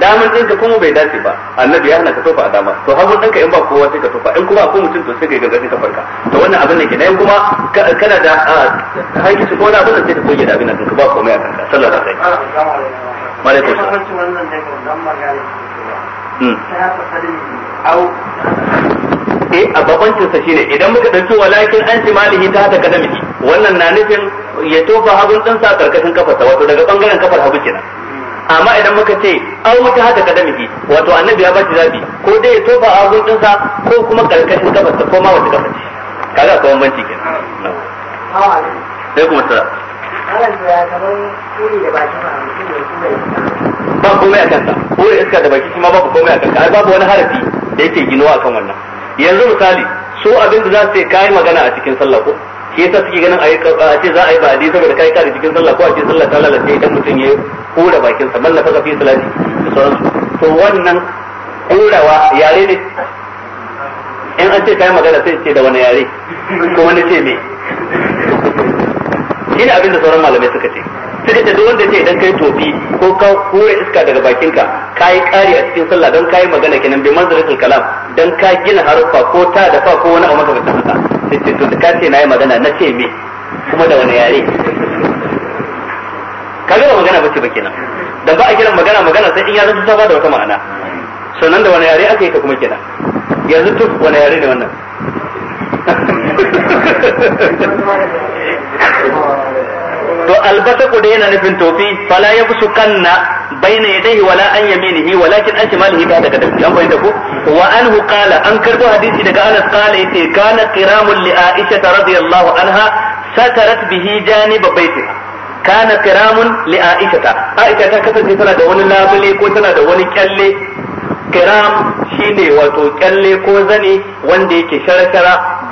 S1: zai ɗinka kuma bai dace ba annabi ya hana ka tofa a dama to hagun ɗinka in ba kowa sai ka tofa in kuma akwai mutum to sai ka yi ka farka. to wannan abin da ke kuma kana da hanki su kuma abin da sai ka goge da abin da ka ba komai a kanka sallar da kai
S2: malaikum salam
S1: eh a babancin sa shine idan muka dauki walakin an malihi ta haka kadamiki wannan na nufin ya tofa hagun ɗinsa a karkashin ta wato daga bangaren kafar hagu kenan amma idan muka ce au ta haka miki wato annabi ya bashi zabi ko dai ya tofa a hudun sa ko kuma karkashin kafar sa ko ma wata kafar ce kaga ko banci kenan sai kuma sa ba komai a kansa ko iska da baki kuma babu komai a kanka ai babu wani harafi da yake ginuwa akan wannan yanzu misali so abin da za su kai magana a cikin sallah ko shi yasa suke ganin a ce za a yi ba'adi saboda kai kare cikin sallah ko a ce sallah ta lalace idan mutum ya kura bakinsa mallaka ka fi salati da sauransu to wannan kurawa yare ne in an ce kai magana sai ce da wani yare ko wani ce me shi abin da sauran malamai suka ce sai da duk wanda ce idan kai tofi ko ka kore iska daga bakinka ka kari a cikin sallah don kai magana kenan bi manzaratul kalam don ka gina haruffa ko ta da fa ko wani abu ka tafi sai ce to ka ce nayi magana na ce me kuma da wani yare kaga ba magana bace ba kenan dan ba a kiran magana magana sai in ya zanto ta bada wata ma'ana sannan da wani yare aka yi ta kuma kenan yanzu tuf wani yare ne wannan (laughs) to albasa ku da yana nufin tofi fala ya busu kanna baina yadayhi wala an yaminihi walakin an shimalihi ba daga dabi an bayyana ku wa anhu qala an karbo hadisi daga Anas qala yace kana qiramun li Aisha radiyallahu anha sakarat bihi janiba baitiha kana kiramun li aishata aisha ta kasance tana da wani labule ko tana da wani kyalle kiram shine wato kyalle ko zane wanda yake shara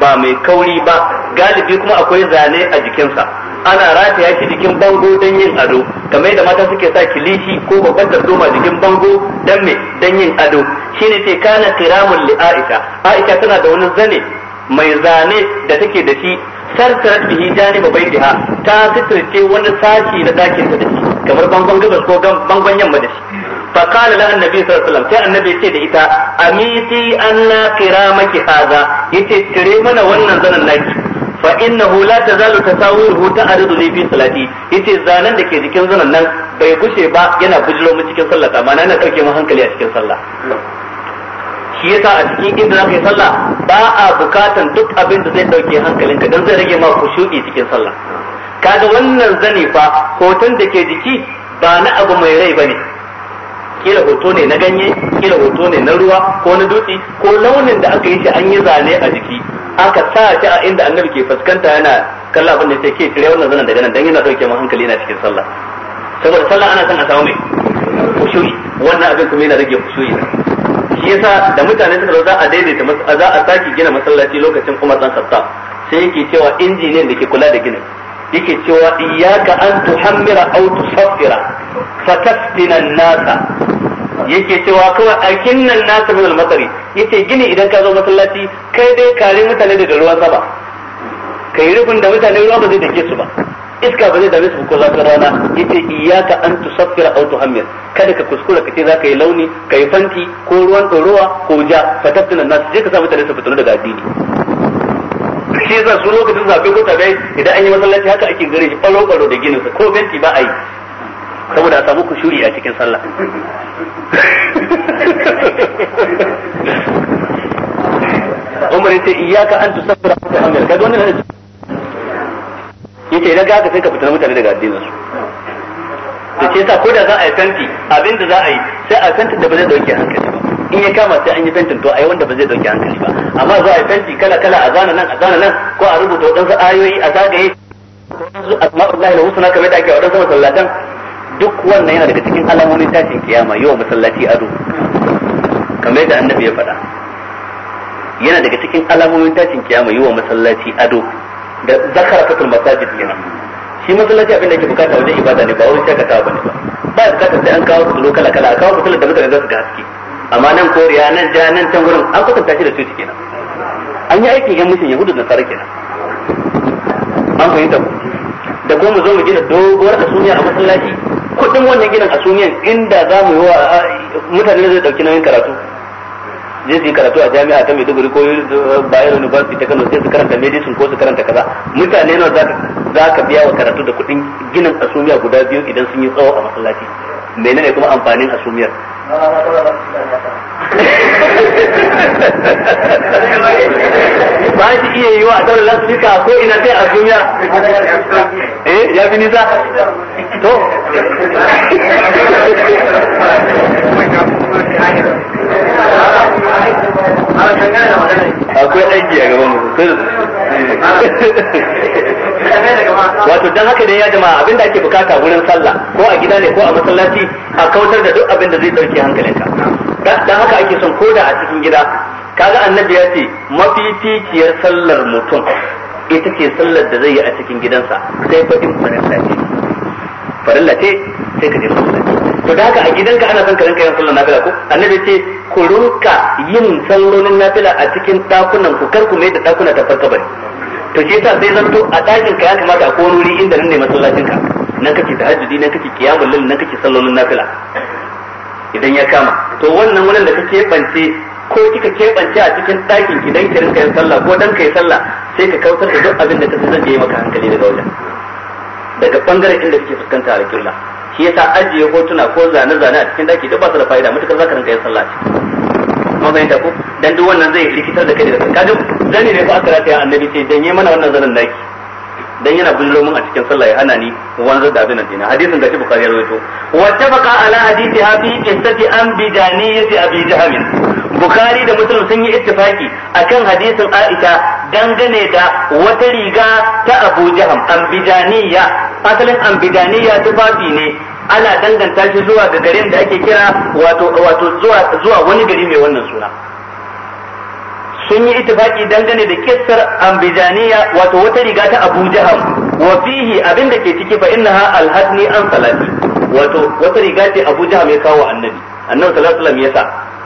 S1: ba mai kauri ba galibi kuma akwai zane a jikinsa ana rataya shi jikin bango don yin ado kamar da mata suke sa kilishi ko babban darduma jikin bango don me don yin ado shine ce kana kiramun li aisha aisha tana da wani zane mai zane da take da shi sarsarar bihi da baitiha ta sitirce wani sashi na dakin ta da shi kamar bangon gabas ko bangon yamma da shi fa qala la annabi sallallahu alaihi wasallam sai annabi ce da ita amiti anna maki hadha yace kire mana wannan zanan naki fa innahu la tazalu ta ta'ridu li fi salati yace zanan da ke jikin zanan nan bai gushe ba yana bujiro mu cikin sallah ta ma'ana yana dauke mu hankali a cikin sallah shi yasa a cikin inda ka yi sallah ba a bukatan duk abin da zai dauke hankalinka don zai rage ma kushu'i cikin sallah kaga wannan zani fa hoton da ke jiki ba na abu mai rai bane kila hoto ne na ganye kila hoto ne na ruwa ko na dutse ko launin da aka yi shi an yi zane a jiki aka sa shi a inda annabi ke fuskanta yana kallon abin da sai ke cire wannan zanen daga nan dan yana dauke ma hankali yana cikin sallah saboda sallah ana son a samu mai kushuri wannan abin kuma yana rage kushuri shi yasa da mutane suka zo za a daidaita za a sake gina masallaci lokacin kuma san sabta sai yake cewa injiniyan da ke kula da ginin yake cewa iyyaka an tuhammira aw tusaffira fatastina an-nasa yake cewa kawai a kinnan nasa min al-masari yace gini idan ka zo masallaci kai dai kare mutane daga ruwan sama kai rufin da mutane ruwa ba zai dake su ba iska ba zai dame su ko zafin rana yace iyyaka an tusaffira aw tuhammir kada ka kuskura kace za ka yi launi ka yi fanti ko ruwan dorowa ko ja fatattuna nas je ka sa mutane su fitinu daga addini shi yasa su lokacin zabe ko tabe idan an yi masallaci haka ake gare shi balo balo da ginin sa ko benti ba a yi saboda a samu kushuri a cikin sallah (laughs) umar yace iyyaka an tusaffira aw tuhammir kada wannan ne yace idan ka sai ka fitar mutane daga addinin su da ce sa ko da za a yi fenti abin da za a yi sai a fenti da ba zai dauke hankali ba in ya kama sai an yi fenti to a yi wanda ba zai dauke hankali ba amma za a yi fenti kala kala a zana nan a zana nan ko a rubuta wadansu ayoyi a zagaye wadansu asma'ullahi da husna kamar da ake wadansu masallatan duk wannan yana daga cikin alamomin tashin kiyama yau masallaci ado kamar da annabi ya faɗa yana daga cikin alamomin tashin kiyama yau masallaci ado da zakara fatul masajid kenan shi masallaci abin da yake bukata wajen ibada ne ba wurin shakatawa bane ba ba zakar sai an kawo su kala kala a kawo mutum da mutane za su gaske amma nan koriya nan ja nan can gurin an kwatanta shi da coci kenan an yi aikin yan mutum yahudu da nasara kenan an fahimta ku da kuma mu zo mu gina doguwar suniya a masallaci kudin wannan ginin asuniyan inda za mu yi wa mutane zai dauki nauyin karatu je su yi karatu a jami'a ta Maiduguri ko bayan University ta Kano sai su karanta medicine ko su karanta kaza mutane nawa za ka biya wa karatu da kudin ginin asumiya guda biyu idan sun yi tsawo a masallaci menene kuma amfanin asumiyar ba shi iya yi wa a tsawon lasfika ko ina sai a duniya eh ya fi nisa to akwai aiki a gaban wato dan haka ne ya abin da ake bukata wurin sallah ko a gida ne ko a masallaci a kautar da duk abin da zai dauke hankalinka don haka ake son koda a cikin gida kaga annabi ya ce mafificiyar sallar mutum ita ce sallar da zai yi a cikin gidansa sai faɗin kwanan farin farilla ce sai ka je sallah to da haka a gidanka ana son ka rinka yin sallar nafila ko annabi ce ku rinka yin sallolin nafila a cikin dakunan ku kar ku mai da dakuna ta farka bari to shi yasa sai zanto a dakin ka ya kamata a kowane wuri inda nan ne masallacin ka nan kake tahajjudi nan kake qiyamul lail nan kake sallolin nafila idan ya kama to wannan wurin da kake bance ko kika keɓance a cikin ɗakin ki ki rinka yin sallah ko dan kai sallah sai ka kautar da duk abin da ka zai maka hankali daga wajen daga bangare inda suke fuskanta alƙibla shi yasa ajiye hotuna ko zane-zane a cikin daki duk ba su da fa'ida mutukar zaka rinka yin sallah kuma fahimta ko dan duk wannan zai rikitar da kai da kanka zani ne ba aka rataya annabi sai yi mana wannan zanen daki dan yana bullo mun a cikin sallah ya hana ni wanzar da abin dina hadisin gashi bukari ya rawaito wa tafaqa ala hadisi hafi fi qissati an bidaniyati abi jahmin bukhari da muslim sun yi ittifaki akan hadisin aisha dangane da wata riga ta abu jahm an bidaniya asalin an bidaniya tufafi ne ana danganta shi zuwa ga garin da ake kira wato wato zuwa zuwa wani gari mai wannan suna sun yi ittifaki dangane da kissar ambijaniya wato wata riga ta Abu Jahal wa fihi abinda ke ciki fa innaha alhadni an salati wato wata riga ce Abu Jahal ya kawo annabi annabi sallallahu alaihi wasallam yasa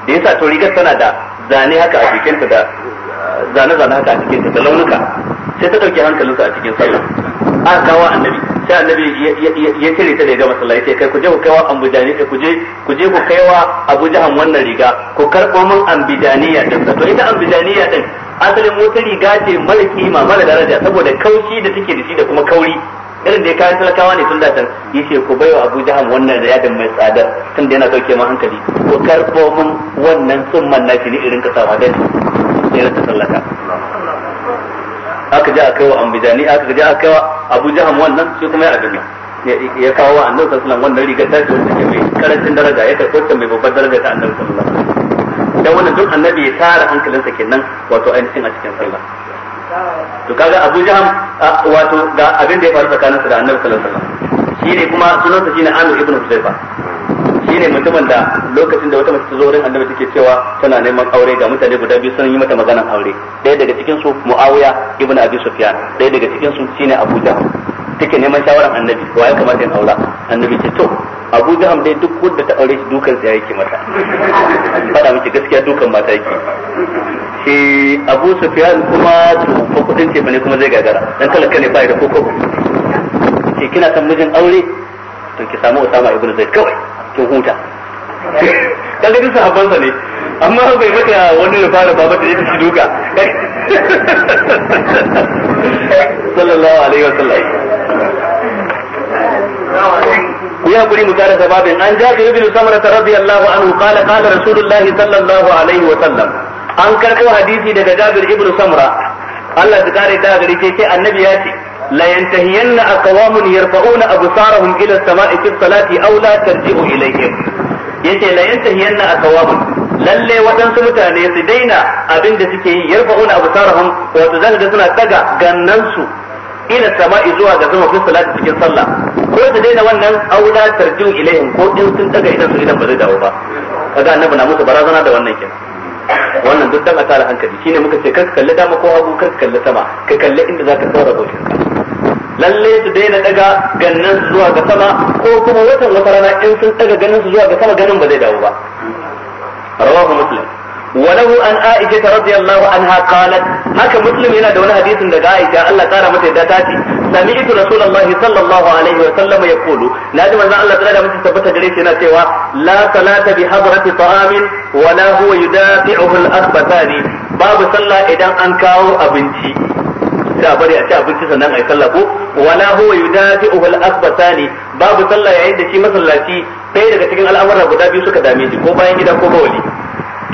S1: da yasa to rigar tana da zane haka a ta da zane zane haka a ta da launuka sai ta dauki hankalinsa a cikin sallah a kawo annabi sai annabi ya cire ta daga masallaci kai ku je ku kaiwa ambujani eh, ku je ku je ku kaiwa Abu Jahan wannan riga ku karbo min ambijaniya din to ita ambijaniya din asalin wata riga ce mara kima mara daraja saboda kaushi da take da shi da kuma kauri irin da ya kayan talakawa ne tun da can yace ku baiwa Abu Jahan wannan din mai tsadar tun da yana dauke mu hankali ku karbo min wannan tsumman nashi ne irin ka wa dai irin ta sallaka aka je aka wa ambijani aka je aka wa abu jaham wannan sai kuma ya abin ya kawo wa annabi sallallahu alaihi wannan riga ta wanda ke mai karancin daraja ya karɓo ta mai babbar daraja ta annabi sallallahu alaihi wasallam dan wannan duk annabi ya tara hankalinsa kenan wato ainihin a cikin sallah to kaga abu jaham wato ga abin da ya faru tsakaninsa da annabi sallallahu alaihi wasallam shine kuma sunansa shine amir ibn huzaifa shine mutumin da lokacin da wata mace ta zo wurin annabi take cewa tana neman aure ga mutane guda biyu sun yi mata maganan aure ɗaya daga cikin su Muawiya ibn Abi Sufyan ɗaya daga cikin su shine Abu Jahl take neman shawaran annabi wa ya kamata in aura annabi ce to Abu Jahl dai duk wanda ta aure shi dukan sa yake mata fada miki gaskiya dukan mata yake shi Abu Sufyan kuma to ko kudin ce bane kuma zai gagara dan talaka ne bai da koko ke kina san mijin aure to ki samu Usama ibn Zaid kawai to huta kaga duk sahabban sa ne amma bai mata wani da fara ba mata yake shi duka sallallahu alaihi wasallam يا بني مكارثة باب ان جابر بن سمره رضي الله عنه قال قال رسول الله صلى الله عليه وسلم ان أنكر حديثي ده جابر بن سمره الله تكاري تاغري كي النبي ياتي لا ينتهين aqwamun يرفعون absarahum ila السماء في fi salati لا la tarji'u يتي لا ينتهين yantahiyanna aqwamun lalle waɗansu mutane su daina abin da suke yi yarfa'una absarahum wato zaka ga suna daga gannansu ila sama'i zuwa ga sama fi salati cikin sallah ko su daina wannan aw la tarji'u ilayhim ko din sun daga idan su idan ba zai dawo ba kaga annabi na musu barazana da wannan kin wannan duk dan a hankali shine muka ce kar ka kalli dama ko hagu kar ka kalli sama ka kalli inda zaka saura bokin lalle su daina daga gannan su zuwa ga sama ko kuma watan wata rana in sun daga gannan su zuwa ga sama ganin ba zai dawo ba rawahu muslim وله عن عائشة رضي الله عنها قالت هكا مسلم هنا دون حديث لدى عائشة الله تعالى متى داتاتي سمعت رسول الله صلى الله عليه وسلم يقول لازم أن الله تعالى متى ثبت جريس هنا سوى لا صلاة بحضرة طعام ولا هو يدافعه الأخبثان باب صلى إذا أنكاو أبنتي huta bari a ci abinci sannan ai sallah ko wala huwa yudafi'uhu al-asbatani babu sallah yayin da shi masallaci sai daga cikin al'amuran guda biyu suka dame shi ko bayan gida ko bawali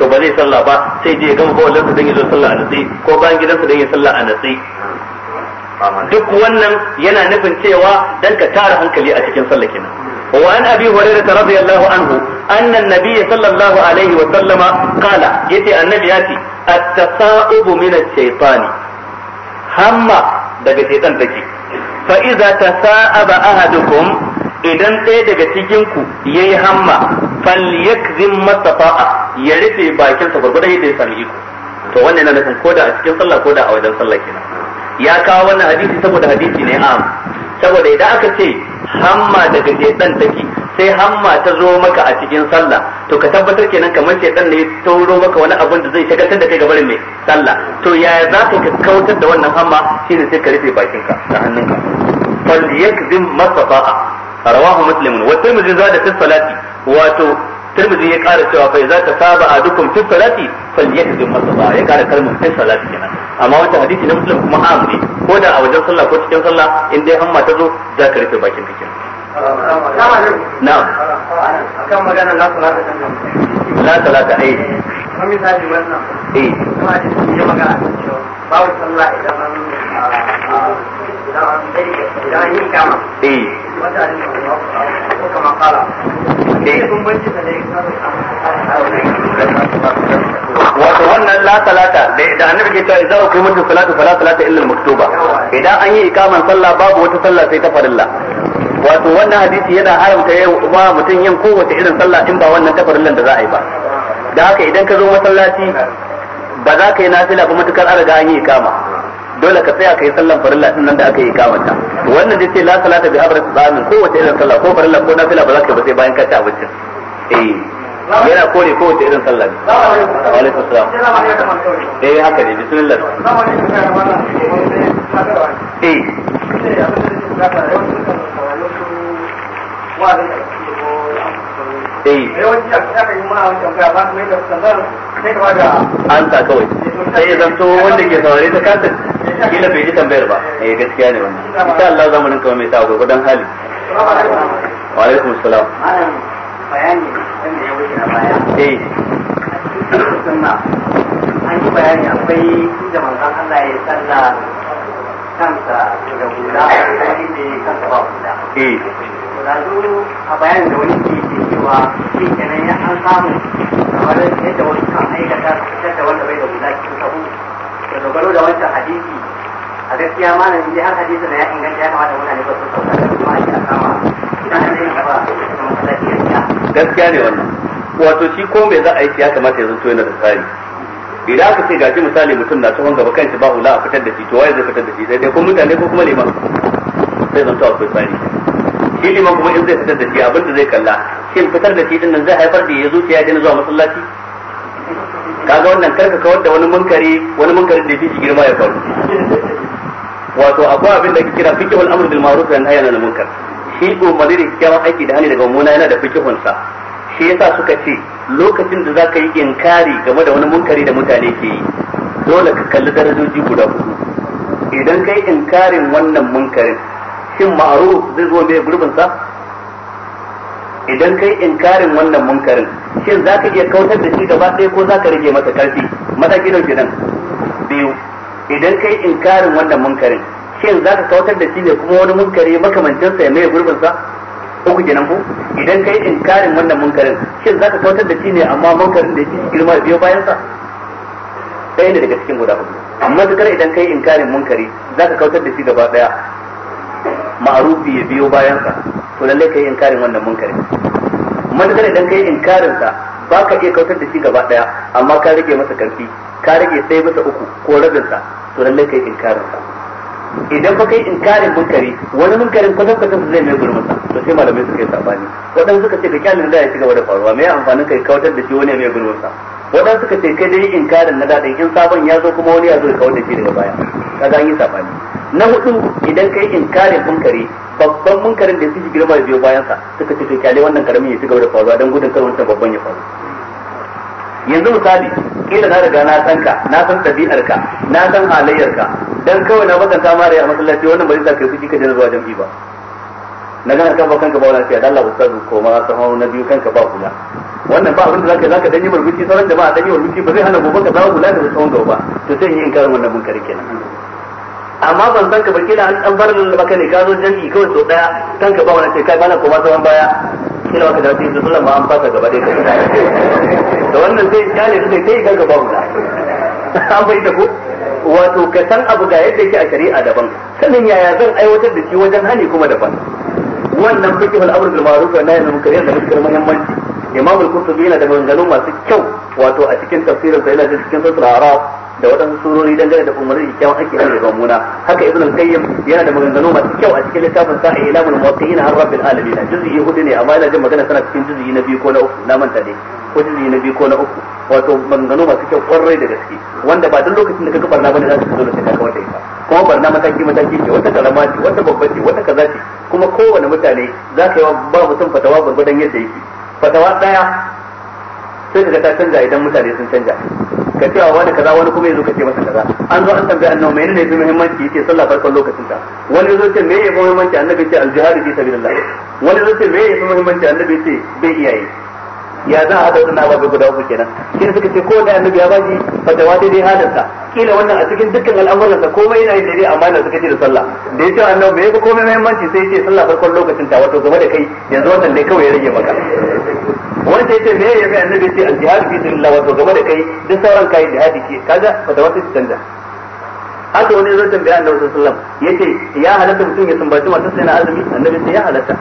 S1: to ba zai sallah ba sai je gama bawalin sa dan yi sallah a natsi ko bayan gidansa dan yi sallah a natsi duk wannan yana nufin cewa dan ka tara hankali a cikin sallah kenan وعن ابي هريره رضي الله عنه ان النبي صلى الله عليه وسلم قال يتي النبي ياتي التصاؤب من الشيطان hamma daga shaitan take fa iza tasa'aba ahadukum idan ɗaya daga cikin ku yayi hamma falyakzim mastata'a ya rufe bakin sa gurgurdan yadda ya sami iko to wannan yana nufin koda a cikin sallah koda a wajen sallah kenan ya kawo wannan hadisi saboda hadisi ne am saboda idan aka ce hamma daga shedan take sai hamma ta zo maka a cikin sallah to ka tabbatar kenan kamar shedan ne ya tauro maka wani abin da zai shagaltar da kai barin mai sallah to yaya za ka ka kautar da wannan hamma shine sai ka rufe bakinka da hannunka fal yakzim masafa'a rawahu muslim wa tirmidhi zada fi salati wato tirmidhi ya kara cewa fa idza tasaba adukum fi salati fal yakzim masafa'a ya kara kalmar fi salati kenan amma wancan hadisi na muslim kuma am ne ko da a wajen sallah ko cikin sallah in dai hamma ta zo za ka rufe bakin kake
S2: na'am akan magana la salata
S1: la salata ai
S2: kamar misali wannan eh. kuma da shi ya magana cewa babu sallah idan an idan yi kama eh. wata ne ko
S1: kama kala eh. da wato wannan la da annabi ke cewa salatu fala salata illa maktuba idan an yi ikaman sallah babu wata sallah sai ta farilla wato wannan hadisi yana haramta yau ma mutum yin kowace irin sallah in ba wannan tafarillan da za a yi ba da haka idan ka zo masallaci ba za ka yi nafila ba matukar an riga an yi ikama dole ka tsaya ka yi sallan farilla din nan da aka yi ikamar ta wannan dai ce la salata bi abrat ko wace irin sallah ko farilla ko nafila ba za ka yi ba sai bayan ka ci abinci eh yana kore wace irin sallah wa alaikum salam eh haka ne bismillah eh an ta kawai
S2: sai ya zanto wanda ke
S1: saurari ta kasar kila bai ji tambayar ba eh gaskiya ne wannan insha Allah za mu rinka mai sa gurgurdan hali wa alaikum salam
S2: bayani wanda ya wuce a baya eh an yi bayani akwai inda manzon Allah ya kansa da hula ne kansa ba eh a bayanin da wani cewa shi kenan ya an samu kamar yadda wani kan aikata fitar da wanda bai da guda cikin sabu da dogaro da wancan hadisi a gaskiya malam idan har hadisi na ya inganta ya kamata mutane ba su sauka da kuma ake kama idan an zai gaba da masallaci gaskiya
S1: gaskiya ne wannan wato shi ko me za a yi ya kamata ya zanto yana da tsari idan aka ce gashi misali mutum na tsohon gaba kanshi ba hula a fitar da shi to waye zai fitar da shi sai dai ko mutane ko kuma liman sai zanto akwai tsari shi liman kuma in zai fitar da shi abin da zai kalla shin fitar da shi din nan zai haifar da ya zuciya dina zuwa masallaci kaga wannan karka kawar da wani munkari wani munkari da yake girma ya faru wato akwai abin da ake kira fiqhul amr bil ma'ruf wa nahy anil munkar shi umarni da kyakkyawan aiki da hani daga mummuna yana da fiqhun sa shi yasa suka ce lokacin da zaka yi inkari game da wani munkari da mutane ke yi dole ka kalli darajoji guda hudu idan kai inkarin wannan munkarin shin ma'ruf zai zo mai gurbin sa idan kai inkarin wannan munkarin shin za ka iya kautar da shi gaba ɗaya ko za ka rage masa ƙarfi mataki ɗauki nan biyu idan kai inkarin wannan munkarin shin za ka kautar da shi ne kuma wani munkari makamancinsa ya mai gurbinsa uku kenan ko idan kai inkarin wannan munkarin shin za ka kautar da shi ne amma munkarin da yake girma biyo sa ɗaya ne daga cikin guda hudu amma duk idan kai inkarin munkari za ka kautar da shi gaba ɗaya ma'arufi ya biyo bayansa to lalle kai inkarin wannan munkari matukar idan kai inkarin sa ba ka iya kautar da shi gaba daya amma ka rage masa karfi ka rage sai masa uku ko rabin sa to lalle kai inkarin sa idan ba kai inkarin munkari wani munkarin kwatan kwatan zai mai gurbin sa to sai malamai suke yi sabani wadanda suka ce ka kyalin da ya ci gaba da faruwa me amfanin kai kautar da shi wani mai gurbin sa waɗansu suka ce kai dai inkarin na daɗin in sabon ya zo kuma wani ya zo ya kawar da shi daga baya kaga an yi sabani na hudu idan kai inkarin munkari babban munkarin da suke girma da biyo bayansa suka ce kyale wannan karamin ya ci gaba da faruwa don gudun kar wancan babban ya faru yanzu misali kila na riga na san ka na san ka na san halayyarka dan kawai na bakanta mara a masallaci wannan bari zai sa kai fushi ka zuwa jami'i ba na gana kan bakan ka ba wani sai Allah ustazu ko ma sahawu na biyu kanka ba kula wannan ba abin da zaka zaka danyi murmushi sauran jama'a danyi murmushi ba zai hana gobe ka dawo kula da sahun gaba to sai yin karin wannan munkari kenan amma ban san ka ba kila an dan bar da baka ne ka zo jami'i kawai so daya kanka ba wani sai kai bana ko ma sahawan baya kila baka da sai sallan ma an fasa gaba dai to wannan sai kyale sai kai kanka ba kula an bai da ko wato ka san abu ga yadda yake a shari'a daban sanin yaya zan aiwatar da shi wajen hani kuma daban wannan fiqh al-amr bil ma'ruf wa nahy anil munkar yana da muhimmanci imam al-qurtubi yana da maganganu masu kyau wato a cikin tafsirin sa yana da cikin sura al-araf da wadansu surori dangane da umarni kyawun ake yi da zamuna haka ibn al-qayyim yana da maganganu masu kyau a cikin littafin sa ilamul muwaqqi'in har rabbil alamin juz'i hudu ne amma yana jin magana tana cikin juz'i na biyu ko na uku na manta dai ko na biyu ko na uku wato maganganu masu kyau kwarai da gaske wanda ba duk lokacin da kaga barna bane za ka zo da sai ka kawar ita kuma barna mataki mataki ce wata karama ce wata babba ce wata kaza ce kuma kowane mutane za ka yi wa ba mutum fatawa gwargwadon yadda yake fatawa daya sai ka ga ta canja idan mutane sun canja ka ce wa wani kaza wani kuma yazo ka ce masa kaza an zo an tambaya annabi menene ne yafi muhimmanci yace sallah farkon lokacin ta wani zo ce me yafi muhimmanci annabi ce al fi sabilillah wani zo ce me yafi muhimmanci annabi ce bai iyaye ya za a haɗa wannan ababe guda uku kenan shi ne suka ce ko da annabi ya baji dai daidai halinsa kila wannan a cikin dukkan al'amuransa komai yana yin daidai amma da suka ce da sallah da ya ce annabi me yafi komai muhimmanci sai ya ce sallah farkon lokacin ta wato game da kai yanzu wannan ne kawai ya rage maka wani sai ce me ya yafi annabi ce al-jihad fi sabilillah wato game da kai duk sauran kai jihadi ke kaga fatawa sai canja haka wani zai tambaya annabi sallallahu alaihi wasallam yace ya halatta mutum ya sumbaci matarsa yana azumi annabi sai ya halatta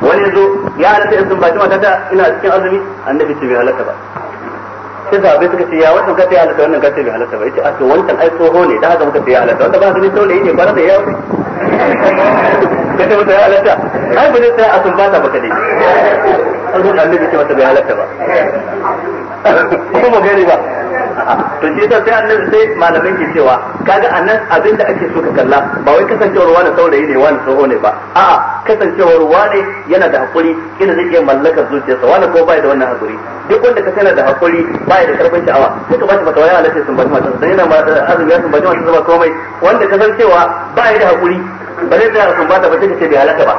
S1: wani zo ya halatta in sun baci matata ina cikin azumi annabi ce bai halatta ba sai sahabbai suka ce ya wannan kace ya halatta wannan kace bai halatta ba yace a to wancan ai tsoho ne da haka muka ce ya halatta wanda ba su ne da ne ba da ya wuce kace masa ya halatta ai ba zai tsaya a sun bata baka dai an annabi ce mata bai halatta ba kuma gani ba to shi yasa sai annabi sai malamin ke cewa kaga annan abin da ake so ka kalla ba wai kasancewar wani saurayi ne wani tsoho ne ba a'a kasancewar wani yana da hakuri inda zai iya mallakar zuciyarsa wani ko bai da wannan hakuri duk wanda ka tana da hakuri bai da karfin sha'awa sai ka bashi fatawaya alace sun bari matan sai yana azumi sun bari matan ba komai wanda kasancewa bai da hakuri ba zai tsaya sun bata ba sai ka ce bai halaka ba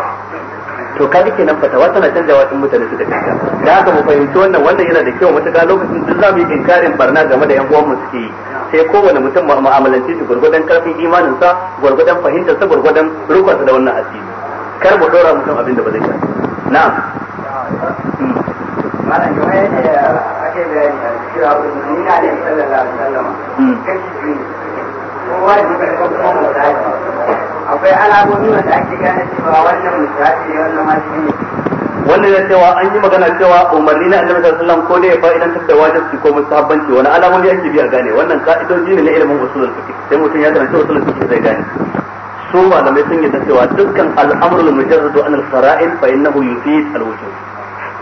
S1: to kaga kenan fatawa tana canjawa in mutane su da kanta da aka mu fahimci wannan wannan yana da kyau matuƙa lokacin duk za mu yi inkarin barna game da yan uwan mu suke yi sai kowane mutum ma mu'amalanci shi gurgudan karfin imanin sa gurgudan fahimtar sa gurgudan rukunsa da wannan asiri kar mu dora mutum abin da ba zai ka
S2: na'am hmm. malam yau ne eh, ake bayani a cewa musulmi na ne sallallahu alaihi wasallam hmm. kashi biyu
S1: kowa da kuma kuma mutane
S2: alamomi da ake gane
S1: cewa wannan ne wannan wannan ya cewa an yi magana cewa umarni na annabi sallallahu alaihi wasallam ko ne ya idan ta wajibi ko mustahabbanci wani alamomi ake biya gane wannan ka'idoji ne na ilimin usulul fiqh sai mutum ya karanta usulul fiqh zai gane su malamai sun yadda cewa dukkan al'amrul mujarradu an al faraid fa innahu yufid al-wujub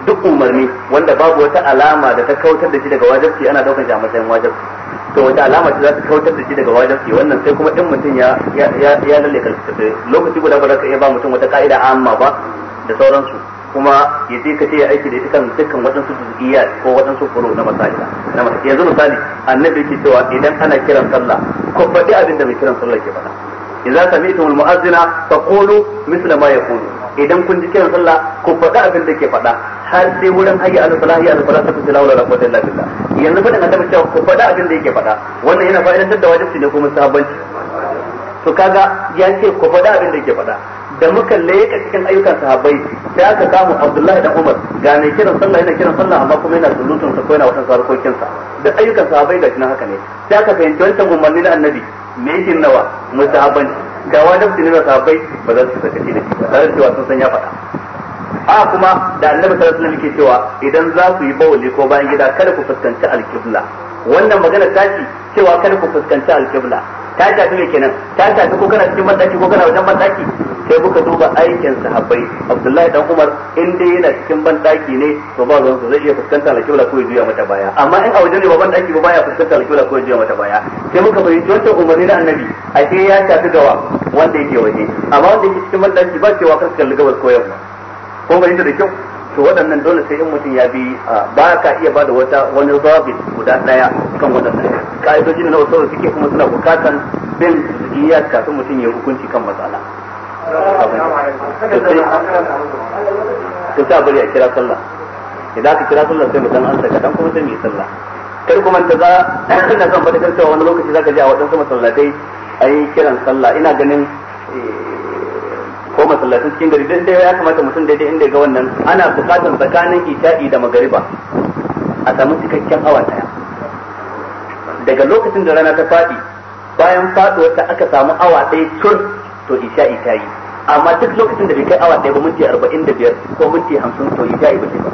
S1: duk umarni wanda babu wata alama da ta kautar da shi daga wajibi ana daukar shi a matsayin wajibi to wata alama ce za ta kautar da shi daga wajibi wannan sai kuma in mutum ya ya lalle kalfi lokaci guda ba za ka iya ba mutum wata ka'ida amma ba da sauransu kuma ya je ka ce ya aiki da ita kan dukkan waɗansu juz'iyya ko waɗansu furo na misali na misali yanzu misali annabi ke cewa idan ana kiran sallah ko faɗi abin da mai kiran sallah ke faɗa idza sami'tum al-mu'azzina faqulu misla ma yaqulu idan kun ji kiran sallah ku faɗa abin da ke faɗa har sai wurin hayya ala salahi al salatu ta tilawa la quwwata illa billah yanzu faɗin annabi cewa ku faɗa abin da yake faɗa wannan yana fa'idantar da wajibi ne kuma sabon to kaga ya ce ku faɗa abin da yake faɗa da muka leka cikin ayyukan sahabbai sai aka samu Abdullahi da Umar ga ne kiran sallah yana kiran sallah amma kuma yana sulutun sa ko yana wata sarkokin sa da ayyukan sahabbai ga nan haka ne sai aka fahimci wancan umarni na annabi me yake nawa musahabanci ga wani ne da sahabbai ba za su sakaci da shi ba tare da cewa sun san ya faɗa a kuma da annabi sallallahu alaihi wasallam yake cewa idan za ku yi bawali ko bayan gida kada ku fuskanci alkibla wannan magana ta ce cewa kada ku fuskanci alƙibla ta shafi mai kenan ta shafi ko kana cikin mataki ko kana wajen mataki sai kuka duba aikin sahabbai Abdullahi dan Umar in dai yana cikin bandaki ne to ba zan zai iya fuskanta alƙibla ko ya juya mata baya amma in a wajen ne ba bandaki ba baya fuskanta alƙibla ko ya juya mata baya sai muka fahimci wannan umarni na annabi ashe ya shafi gawa wanda yake waje amma wanda yake cikin bandaki ba cewa kar ka kalli gabas ko yamma ko bai da kyau to waɗannan dole sai in mutum ya bi ba ka iya ba da wata wani zabi guda ɗaya kan waɗannan ka'idoji na wasu suke kuma suna bukatan bin iya kafin mutum ya hukunci kan matsala to bari a kira sallah idan aka kira sallah sai mutum an saka dan kuma sai mu yi sallah kar kuma ta za ina son da cewa wani lokaci ka ji a waɗansu masallatai ayi kiran sallah ina ganin eh, ko masallacin cikin gari dan dai ya kamata mutum daidai inda ga wannan ana bukatar tsakanin isha'i da magariba a samu cikakken awa daya daga lokacin da rana ta fadi bayan fadi wata aka samu awa ɗaya tur to isha'i ta yi amma duk lokacin da bai kai awa ɗaya ba minti arba'in da biyar ko minti hamsin to isha'i ba ce ba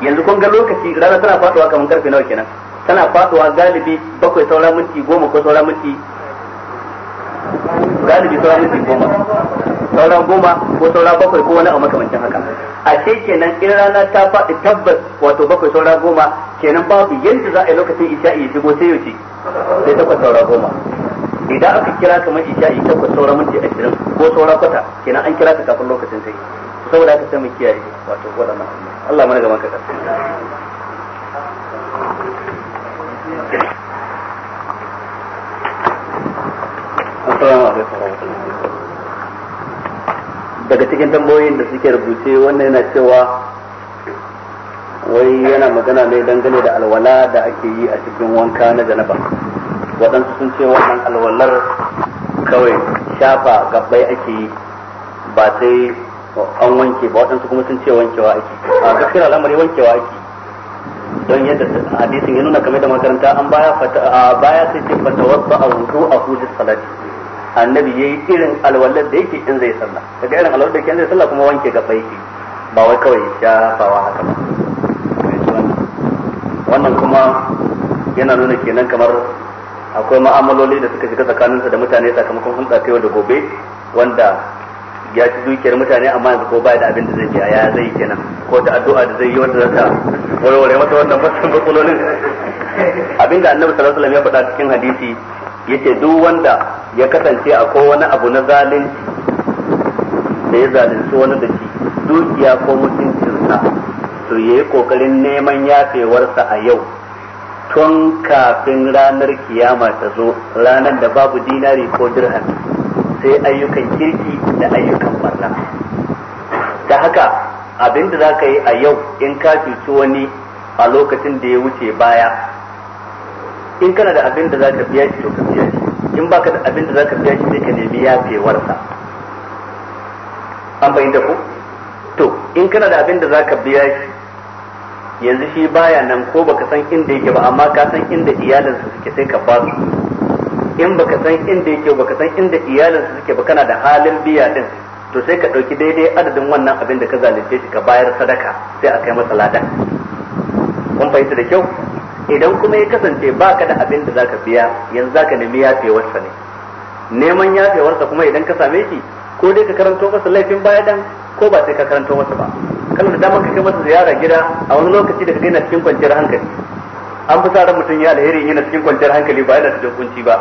S1: yanzu kun ga lokaci rana tana faduwa kamar karfe nawa kenan tana faduwa galibi bakwai saura minti goma ko saura minti galibi saura minti goma saura goma ko saura bakwai ko wani a makamancin haka ce kenan in rana ta faɗi tabbas wato bakwai saura goma kenan babu yadda za a yi lokacin isha'i ya shigo sai yaushe sai takwas saura goma idan aka kira kamar isha'i takwas saura minti ashirin ko saura kwata kenan an kira ta kafin lokacin sai saboda haka sai mu kiyaye wato waɗannan Allah mana gaban ka السلام عليكم daga cikin tambayoyin da suke rubuce wannan yana cewa wai yana magana ne dangane da alwala da ake yi a cikin wanka na janaba waɗansu sun ce wannan alwalar kawai shafa gabbai ake yi ba sai an wanke ba waɗansu kuma sun ce wankewa ake a gaskiyar al'amari wankewa ake don yadda hadisin ya nuna kamar da makaranta an baya sai ce wasu a wudu a hujjar salati annabi yayi irin alwallar da yake in zai sallah kaga irin alwallar da yake in zai sallah kuma wanke gaba yake ba wai kawai shafawa haka ba wannan kuma yana nuna kenan kamar akwai ma'amaloli da suka shiga tsakaninsa da mutane sakamakon hulɗa ta yau da gobe wanda ya ci dukiyar mutane amma yanzu ko ba da abin da zai biya ya zai kenan ko da addu'a da zai yi wanda zata warware mata wannan matsalolin abinda annabi sallallahu alaihi wasallam ya faɗa cikin hadisi yace duk wanda ya kasance akwai wani abu na zalunci da ya zalunci wani da shi dukiya ko mutuncinsa to ya yi kokarin neman yafewarsa a yau tun kafin ranar kiyama ta zo ranar da babu dinari ko dirham sai ayyukan kirki da ayyukan barna ta haka abin da za ka yi a yau in ka cuci wani a lokacin da ya wuce baya in kana da abin da za ka biya shi to ka biya shi in ba ka da abin da za ka biya shi sai ka nemi yafewarsa an da ku to in kana da abin da za ka biya shi yanzu shi baya nan ko baka san inda yake ba amma ka san inda iyalinsa suke sai ka ba su in baka san inda yake baka san inda iyalinsa suke ba kana da halin biya din to sai ka ɗauki daidai adadin wannan abin da ka zalunce shi ka bayar sadaka sai a kai masa ladan kun fahimta da kyau idan kuma ya kasance ba ka da abin da zaka biya yanzu zaka nemi yafewarsa ne neman yafewarsa kuma idan ka same shi ko dai ka karanto masa laifin baya dan ko ba sai ka karanto masa ba kana da damar ka kai masa ziyara gida a wani lokaci da ka gaina cikin kwanciyar hankali an fi sa ran mutum ya alheri yana cikin kwanciyar hankali ba yana cikin kunci ba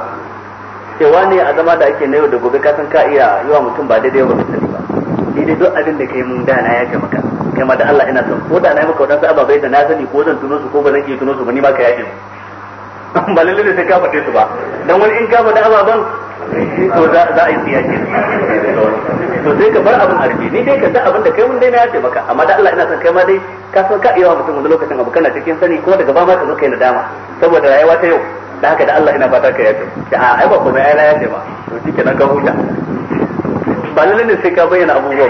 S1: cewa ne a zama da ake na yau da gobe ka san ka iya yi wa mutum ba daidai ba sani ba ni dai duk abin da kai mun dana na ya maka kai ma da Allah ina son ko da na yi maka wadansu ababai da na sani ko zan tuno su ko ba zan iya tuno su ba ni ma ka yaje su (laughs) ba lalle ne sai ka faɗe su ba dan wani in ka faɗi ababan to za a yi siyaki to sai ka bar abin arfi ni dai ka san abin da kai mun dai na yace maka amma da Allah ina son kai ma dai ka san ka iya mutum wani lokacin abu kana cikin sani ko daga ba ma ka zo kai nadama saboda rayuwa ta yau da haka da Allah ina fata ka yace da a ai ba ko mai ayyana yace ba to shikenan ka huta ba lalle ne sai ka bayyana abubuwan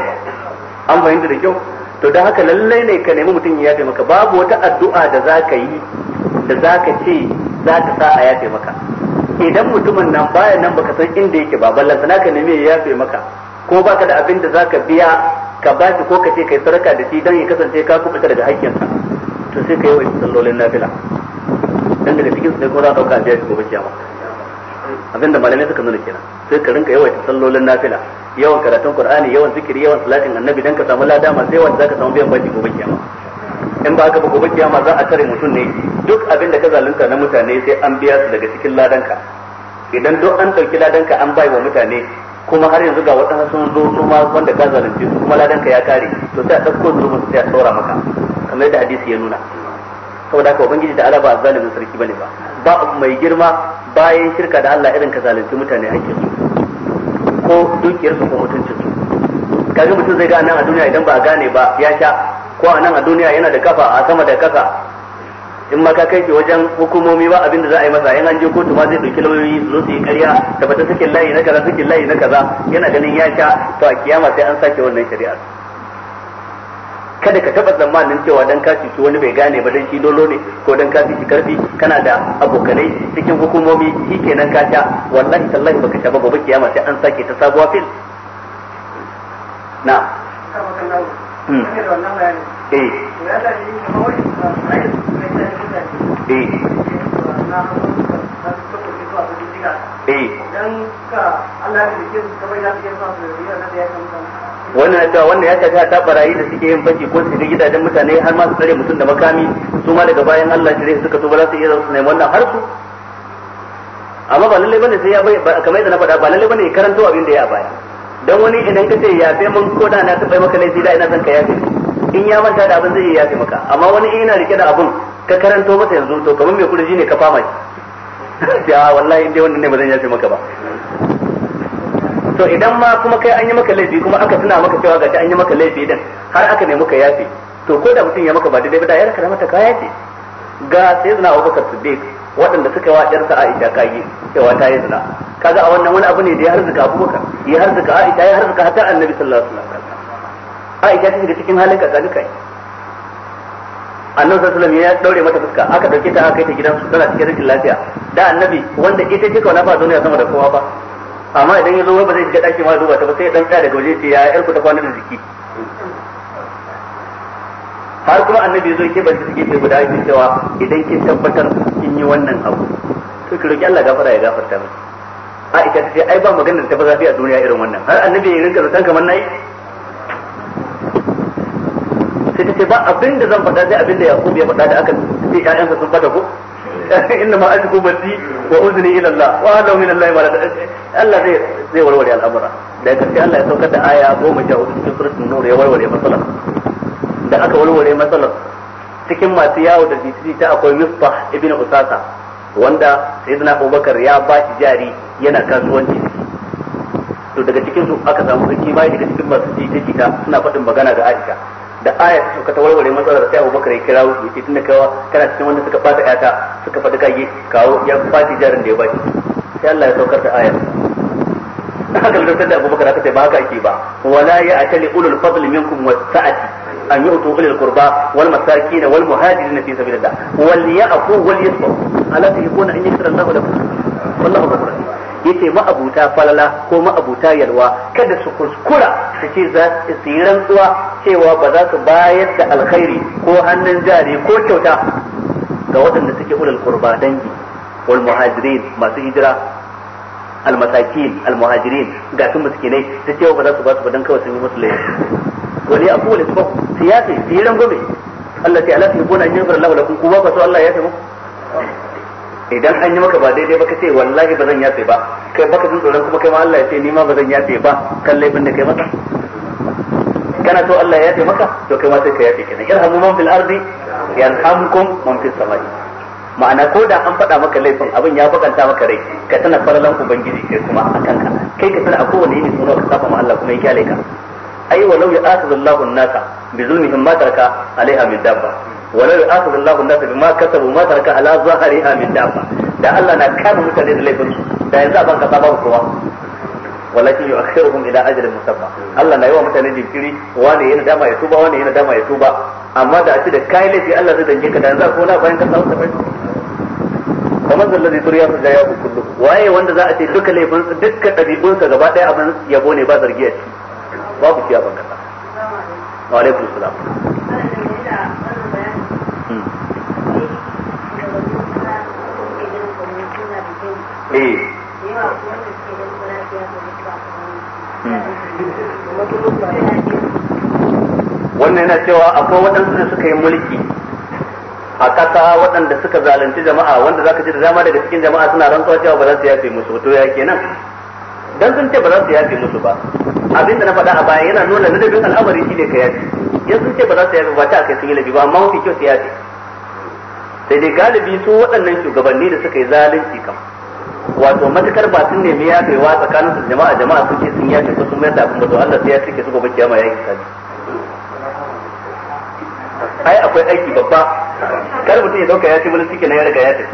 S1: ba an fahimta da kyau to don haka lallai ne ka nemi mutum ya yafe maka babu wata addu'a da za ka yi da za ka ce za ka sa a yafe maka idan mutumin nan baya nan baka san inda yake ba ballan sana ka nemi ya yafe maka ko baka da abin da za ka biya ka ba ko ka ce kai sarka da shi don ya kasance ka kuɓuta daga haƙƙinsa to sai ka yi wa sallolin nafila dan daga cikin su ne ko za ka dauka a biya shi gobe kiyama abinda malamai suka nuna kenan sai ka rinka yawaita sallolin nafila yawan karatun qur'ani yawan zikiri yawan salatin annabi dan ka samu lada ma sai wanda zaka samu biyan baki gobe kiyama in ba ka ba gobe kiyama za a tare mutum ne duk abinda ka zalunta na mutane sai an biya su daga cikin ladanka idan duk an dauki ladanka an bai wa mutane kuma har yanzu ga waɗansu sun zo su wanda ka zalunce su kuma ladanka ya kare to sai a ɗauko zulmin sai a tsora maka kamar yadda hadisi ya nuna saboda haka ubangiji da Allah ba zalimin sarki bane ba ba mai girma bayan shirka da Allah irin ka zalunci mutane ake su ko dukiyar su ko mutuncin su kaga mutum zai ga nan a duniya idan ba a gane ba ya sha ko a nan a duniya yana da kafa a sama da kasa in ma ka kai shi wajen hukumomi ba abin da za a yi masa in an je kotu ma zai dauki lauyoyi su zo su yi ƙarya da fata sakin layi na kaza sakin layi na kaza yana ganin ya sha to a kiyama sai an sake wannan shari'a kada ka taba tsammanin cewa dan ka wani bai gane ba dan shi dolo ne ko dan ka cuci karfi kana da abokanai cikin hukumomi kenan ka sha wallahi tallahi baka sha ba gobe kiyama sai an sake ta sabuwa fil
S2: na hmm. eh
S1: eh eh wannan cewa wannan ya shafi ta barayi da suke yin banki ko su shiga gidajen mutane har ma su tsare mutum da makami su ma daga bayan Allah shi suka tuba za su iya su nemi wannan har su amma ba lallai bane sai ya bai kamar yadda na faɗa ba lallai bane ya karanto abin da ya baya dan wani idan ka ce yafe mun ko da na bai maka laifi da ina son ka yafe in ya manta da abin zai iya yafe maka amma wani in yana rike da abin ka karanto masa yanzu to kamar mai kurji ne ka fama shi (laughs) ya a wallahi indai wannan ne ba zan yafe maka ba to idan ma kuma kai an yi maka laifi kuma aka tuna maka cewa gashi an yi maka laifi din har aka nemi ka yafe to ko da mutum ya maka ba daidai ba da yarka mata ka yafe ga sai zina Bakar Siddiq waɗanda suka wa yarsa Aisha kage cewa ta yi zina kaga a wannan wani abu ne da ya harzuka Bakar ya harzuka Aisha ya harzuka har Annabi sallallahu alaihi wasallam Aisha ta shiga cikin halin duka annabi sallallahu alaihi wasallam ya daure mata fuska aka dauke ta aka kai ta gidansu tana cikin rashin lafiya da annabi wanda ita ce kauna ba duniya sama da kowa ba amma idan ya zo ba zai shiga ɗakin ma duba ta ba sai dan tsaya daga waje ce ya yar ku ta kwana da jiki har kuma annabi zo ke bace suke guda yake cewa idan kin tabbatar kin yi wannan abu to ki roki Allah gafara ya gafarta miki a ita ce ai ba maganar ta ba zafi a duniya irin wannan har annabi ya rinka zaton kamar nayi sai ta ce ba abin da zan faɗa sai abin da Yakub ya faɗa da aka ce ƴaƴansa sun bata ko (laughs) inna ma ashku bati wa udni ila Allah wa hada min Allah ma Allah zai zai warware al'amura da sai Allah ya saukar da aya 14 cikin suratul nur ya warware matsalar da aka warware matsalar cikin masu yawo da bitiri ta akwai Mifbah ibn Usasa wanda sayyidina Abubakar ya ba shi jari yana kasuwanci to daga cikin su aka samu sarki bai daga cikin masu ji ta suna faɗin magana ga Aisha da ayat ta suka ta warware matsalar sai Abu Bakar ya kira wuce yace tunda kawa kana cikin wanda suka fata ayata suka faɗi kage kawo ya fati jarin da ya bashi sai Allah ya saukar da ayat da haka da da Abu Bakar aka ce ba haka ake ba wala ya atali ulul fadl minkum wasa'ati an yu'tu ulul qurba wal masakin wal muhajirin fi sabilillah wal ya'fu wal yasfu ala tayyibuna an yakra Allah lakum wallahu ghafurur rahim yace ma'abuta falala ko ma'abuta yalwa kada su kuskura su ce za su yi rantsuwa cewa ba za su bayar da alkhairi ko hannun jari ko kyauta ga waɗanda suke ulul qurba dangi wal muhajirin masu hijira al masakin al muhajirin ga sun miskinai ta cewa ba za su ba su ba dan kawai sun yi musu laifi wani abu wani sabab siyasi su yi rangwame Allah ta ala ta yi gona an yi lakum ku ba so Allah ya taimaka idan an yi maka ba daidai ba ka ce wallahi ba zan yafe ba kai baka jin tsoron kuma kai ma Allah ya ce ni ma ba zan yafe ba kan laifin da kai mata kana so Allah ya yafe maka to kai ma sai ka yafe kenan irhamu man fil ardi yarhamkum man fis samai ma'ana ko da an faɗa maka laifin abin ya bakanta maka rai ka tana farlan ubangiji kai kuma akan ka kai ka tana a kowane yini sunan ka saba ma Allah kuma ya kyale ka ai walau ya asadu an-nasa bi zulmihim ma taraka alaiha min dabba wala yu'akhidhu Allahu an-nasa bima kasabu ala zahriha min dafa da Allah na kama mutane da laifin su da yanzu a banka babu kowa walakin yu'akhiruhum ila ajalin musamma Allah na yi wa mutane jinkiri wani yana dama ya tuba yana dama ya amma da a ce da kai laifi Allah zai dange ka da yanzu bayan turiya su da yabu kullum. waye wanda za a ce duka laifin dukkan dabi'un sa gaba daya abin yabo ne ba zargi a ci babu kiyaban kasa wa alaikum salam Eh. wannan yana cewa akwai waɗansu da suka yi mulki a ƙasa waɗanda suka zalunci jama'a wanda za ka ji da dama daga cikin jama'a suna rantsuwa cewa ba za su yafe musu to ya kenan dan sun ce ba za su yafe musu ba abin da na faɗa a baya yana nuna nadabin al'amari shine ka yafe yan sun ce ba za su yafe ba ta kai sun yi labi ba amma mafi kyau su yafe sai dai galibi su waɗannan shugabanni da suka yi zalunci kam wato matukar ba sun nemi ya kai wa tsakanin su jama'a jama'a sun ce sun ya ce sun mayar da abin bato Allah sai ya cike su gobe kiyama yayin hisabi ai akwai aiki babba kar mutum ya dauka ya ce wani suke na ya riga ya tafi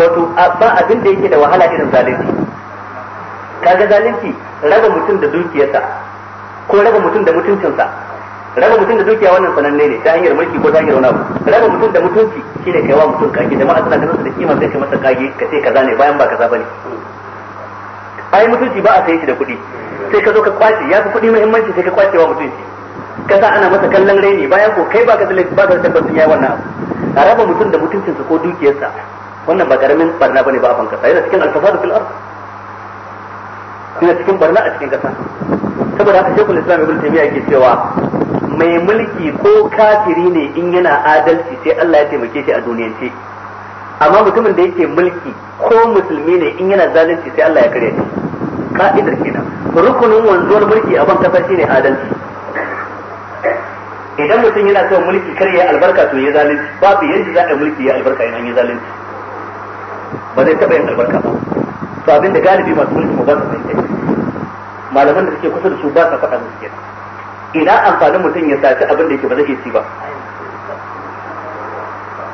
S1: wato ba abin da yake da wahala irin zalunci kaga zalunci raba mutum da dukiyarsa ko raba mutum da mutuncinsa raba mutum da dukiya wannan sananne ne ta hanyar mulki ko ta hanyar wani abu raba mutum da mutunci shine kai wa mutum kage jama'a suna ganin su da kima sai kai masa kage ka ce kaza ne bayan ba kaza bane ai mutunci ba a saye shi da kuɗi sai ka zo ka kwace ya fi kuɗi muhimmanci sai ka kwace wa mutunci ka sa ana masa kallon raini bayan ko kai ba ka da ba ka da tabbacin yayi wannan abu a raba mutum da mutuncinsa ko dukiyarsa wannan ba karamin barna bane ba a banka sai da cikin alfasadu fil ard suna cikin barna a cikin kasa saboda haka shekul islam ibn taymiya yake cewa mai mulki ko kafiri ne in yana adalci sai Allah ya taimake shi a duniyance amma mutumin da yake mulki ko musulmi ne in yana zalunci sai Allah ya kare shi ka'idar kenan rukunin wanzuwar mulki a ban kafa shine adalci idan mutum yana son mulki kar ya albarka to ya zalunci babu yanda za a mulki ya albarka in an yi zalunci ba zai taɓa yin albarka ba to abin da galibi masu mulki ba su fahimta malaman da suke kusa da su ba sa faɗa musu ina amfanin mutum ya saci abin da yake ba zai ci ba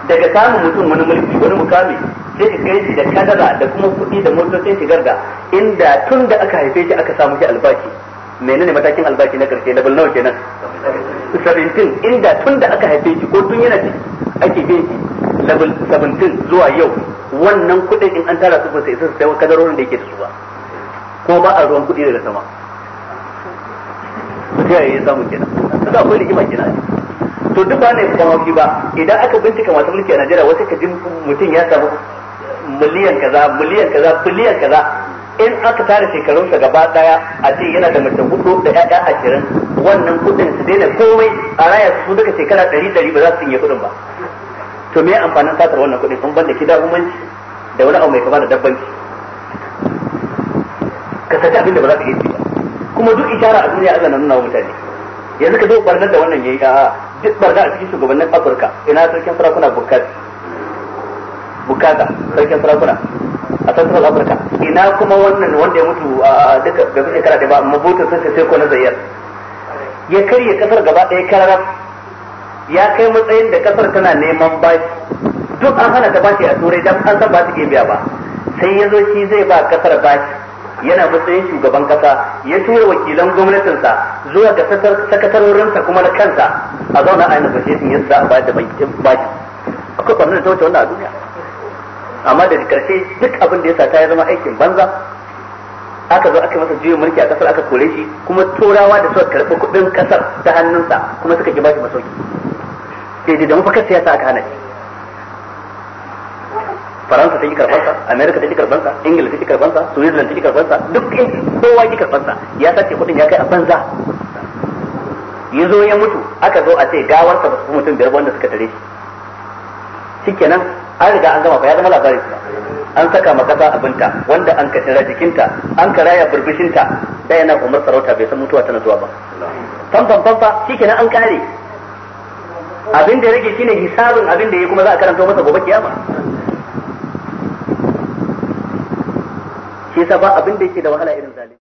S1: daga samun mutum wani mulki wani mukami sai ka kai shi da kadara da kuma kuɗi da motocin shigar da inda tun da aka haife shi aka samu shi albashi menene matakin albashi na karshe level nawa kenan 17 inda tun da aka haife shi ko tun yana ci ake bin shi level 17 zuwa yau wannan kuɗin in an tara su ba sai su sai kadarorin da yake da su ba ko ba a ruwan kuɗi daga sama su ta yayin samu kenan su akwai rigima kenan to duk ba ne kuma hauki ba idan aka bincika masu mulki a Najeriya wata ka ji mutum ya samu miliyan kaza miliyan kaza biliyan kaza in aka tara shekarunsa gaba daya a ce yana da mace hudu da ƴaƴa ashirin wannan kudin su daina komai a raya su duka shekara ɗari ɗari ba za su yi kudin ba to me amfanin satar wannan kudin sun banda kida umanci da wani abu mai kama da dabbanci ka saki abin da ba za ka yi kuma duk ishara a duniya ana nuna wa mutane yanzu ka zo barnar da wannan yayi a'a duk barna a cikin shugabannin Afirka ina sarkin sarakuna bukati bukata sarkin sarakuna a central africa ina kuma wannan wanda ya mutu a duka da kuke da ba amma mabutu sai sai ko na zayyar ya karye kasar gaba ɗaya karara ya kai matsayin da kasar tana neman bashi duk an hana ta bashi a turai dan an san ba su ke biya ba sai ya zo shi zai ba kasar bashi yana matsayin shugaban kasa ya tura wakilan gwamnatinsa zuwa ga sakatarorinsa kuma da kansa a zauna a yanar bashe ya sa a bayar da baki akwai kwanan da ta wuce wannan a duniya amma da karshe duk abin da ya sa ta zama aikin banza aka zo aka masa juyin mulki a kasar aka kore shi kuma turawa da suka karɓi kuɗin kasar ta hannunsa kuma suka ki bashi masauki sai da mafakar siyasa aka hana shi faransa ta ki karban sa america ta ki karban sa ingila ta ki karban sa switzerland ta ki karban sa duk kowa ki karban sa ya sace kudin ya kai a banza ya zo ya mutu aka zo a ce gawarsa ba su mutum biyar wanda suka tare shi shikenan an riga an gama fa ya zama labarin an saka ma kasa abinta wanda an kashe jikinta an karaya burbushinta da yana umar sarauta bai san mutuwa tana zuwa ba famfam famfa shikenan an kare abin da ya rage shine hisabin abin da ya kuma za a karanta masa gobe kiyama shi yasa ba abin da yake da wahala irin zalimi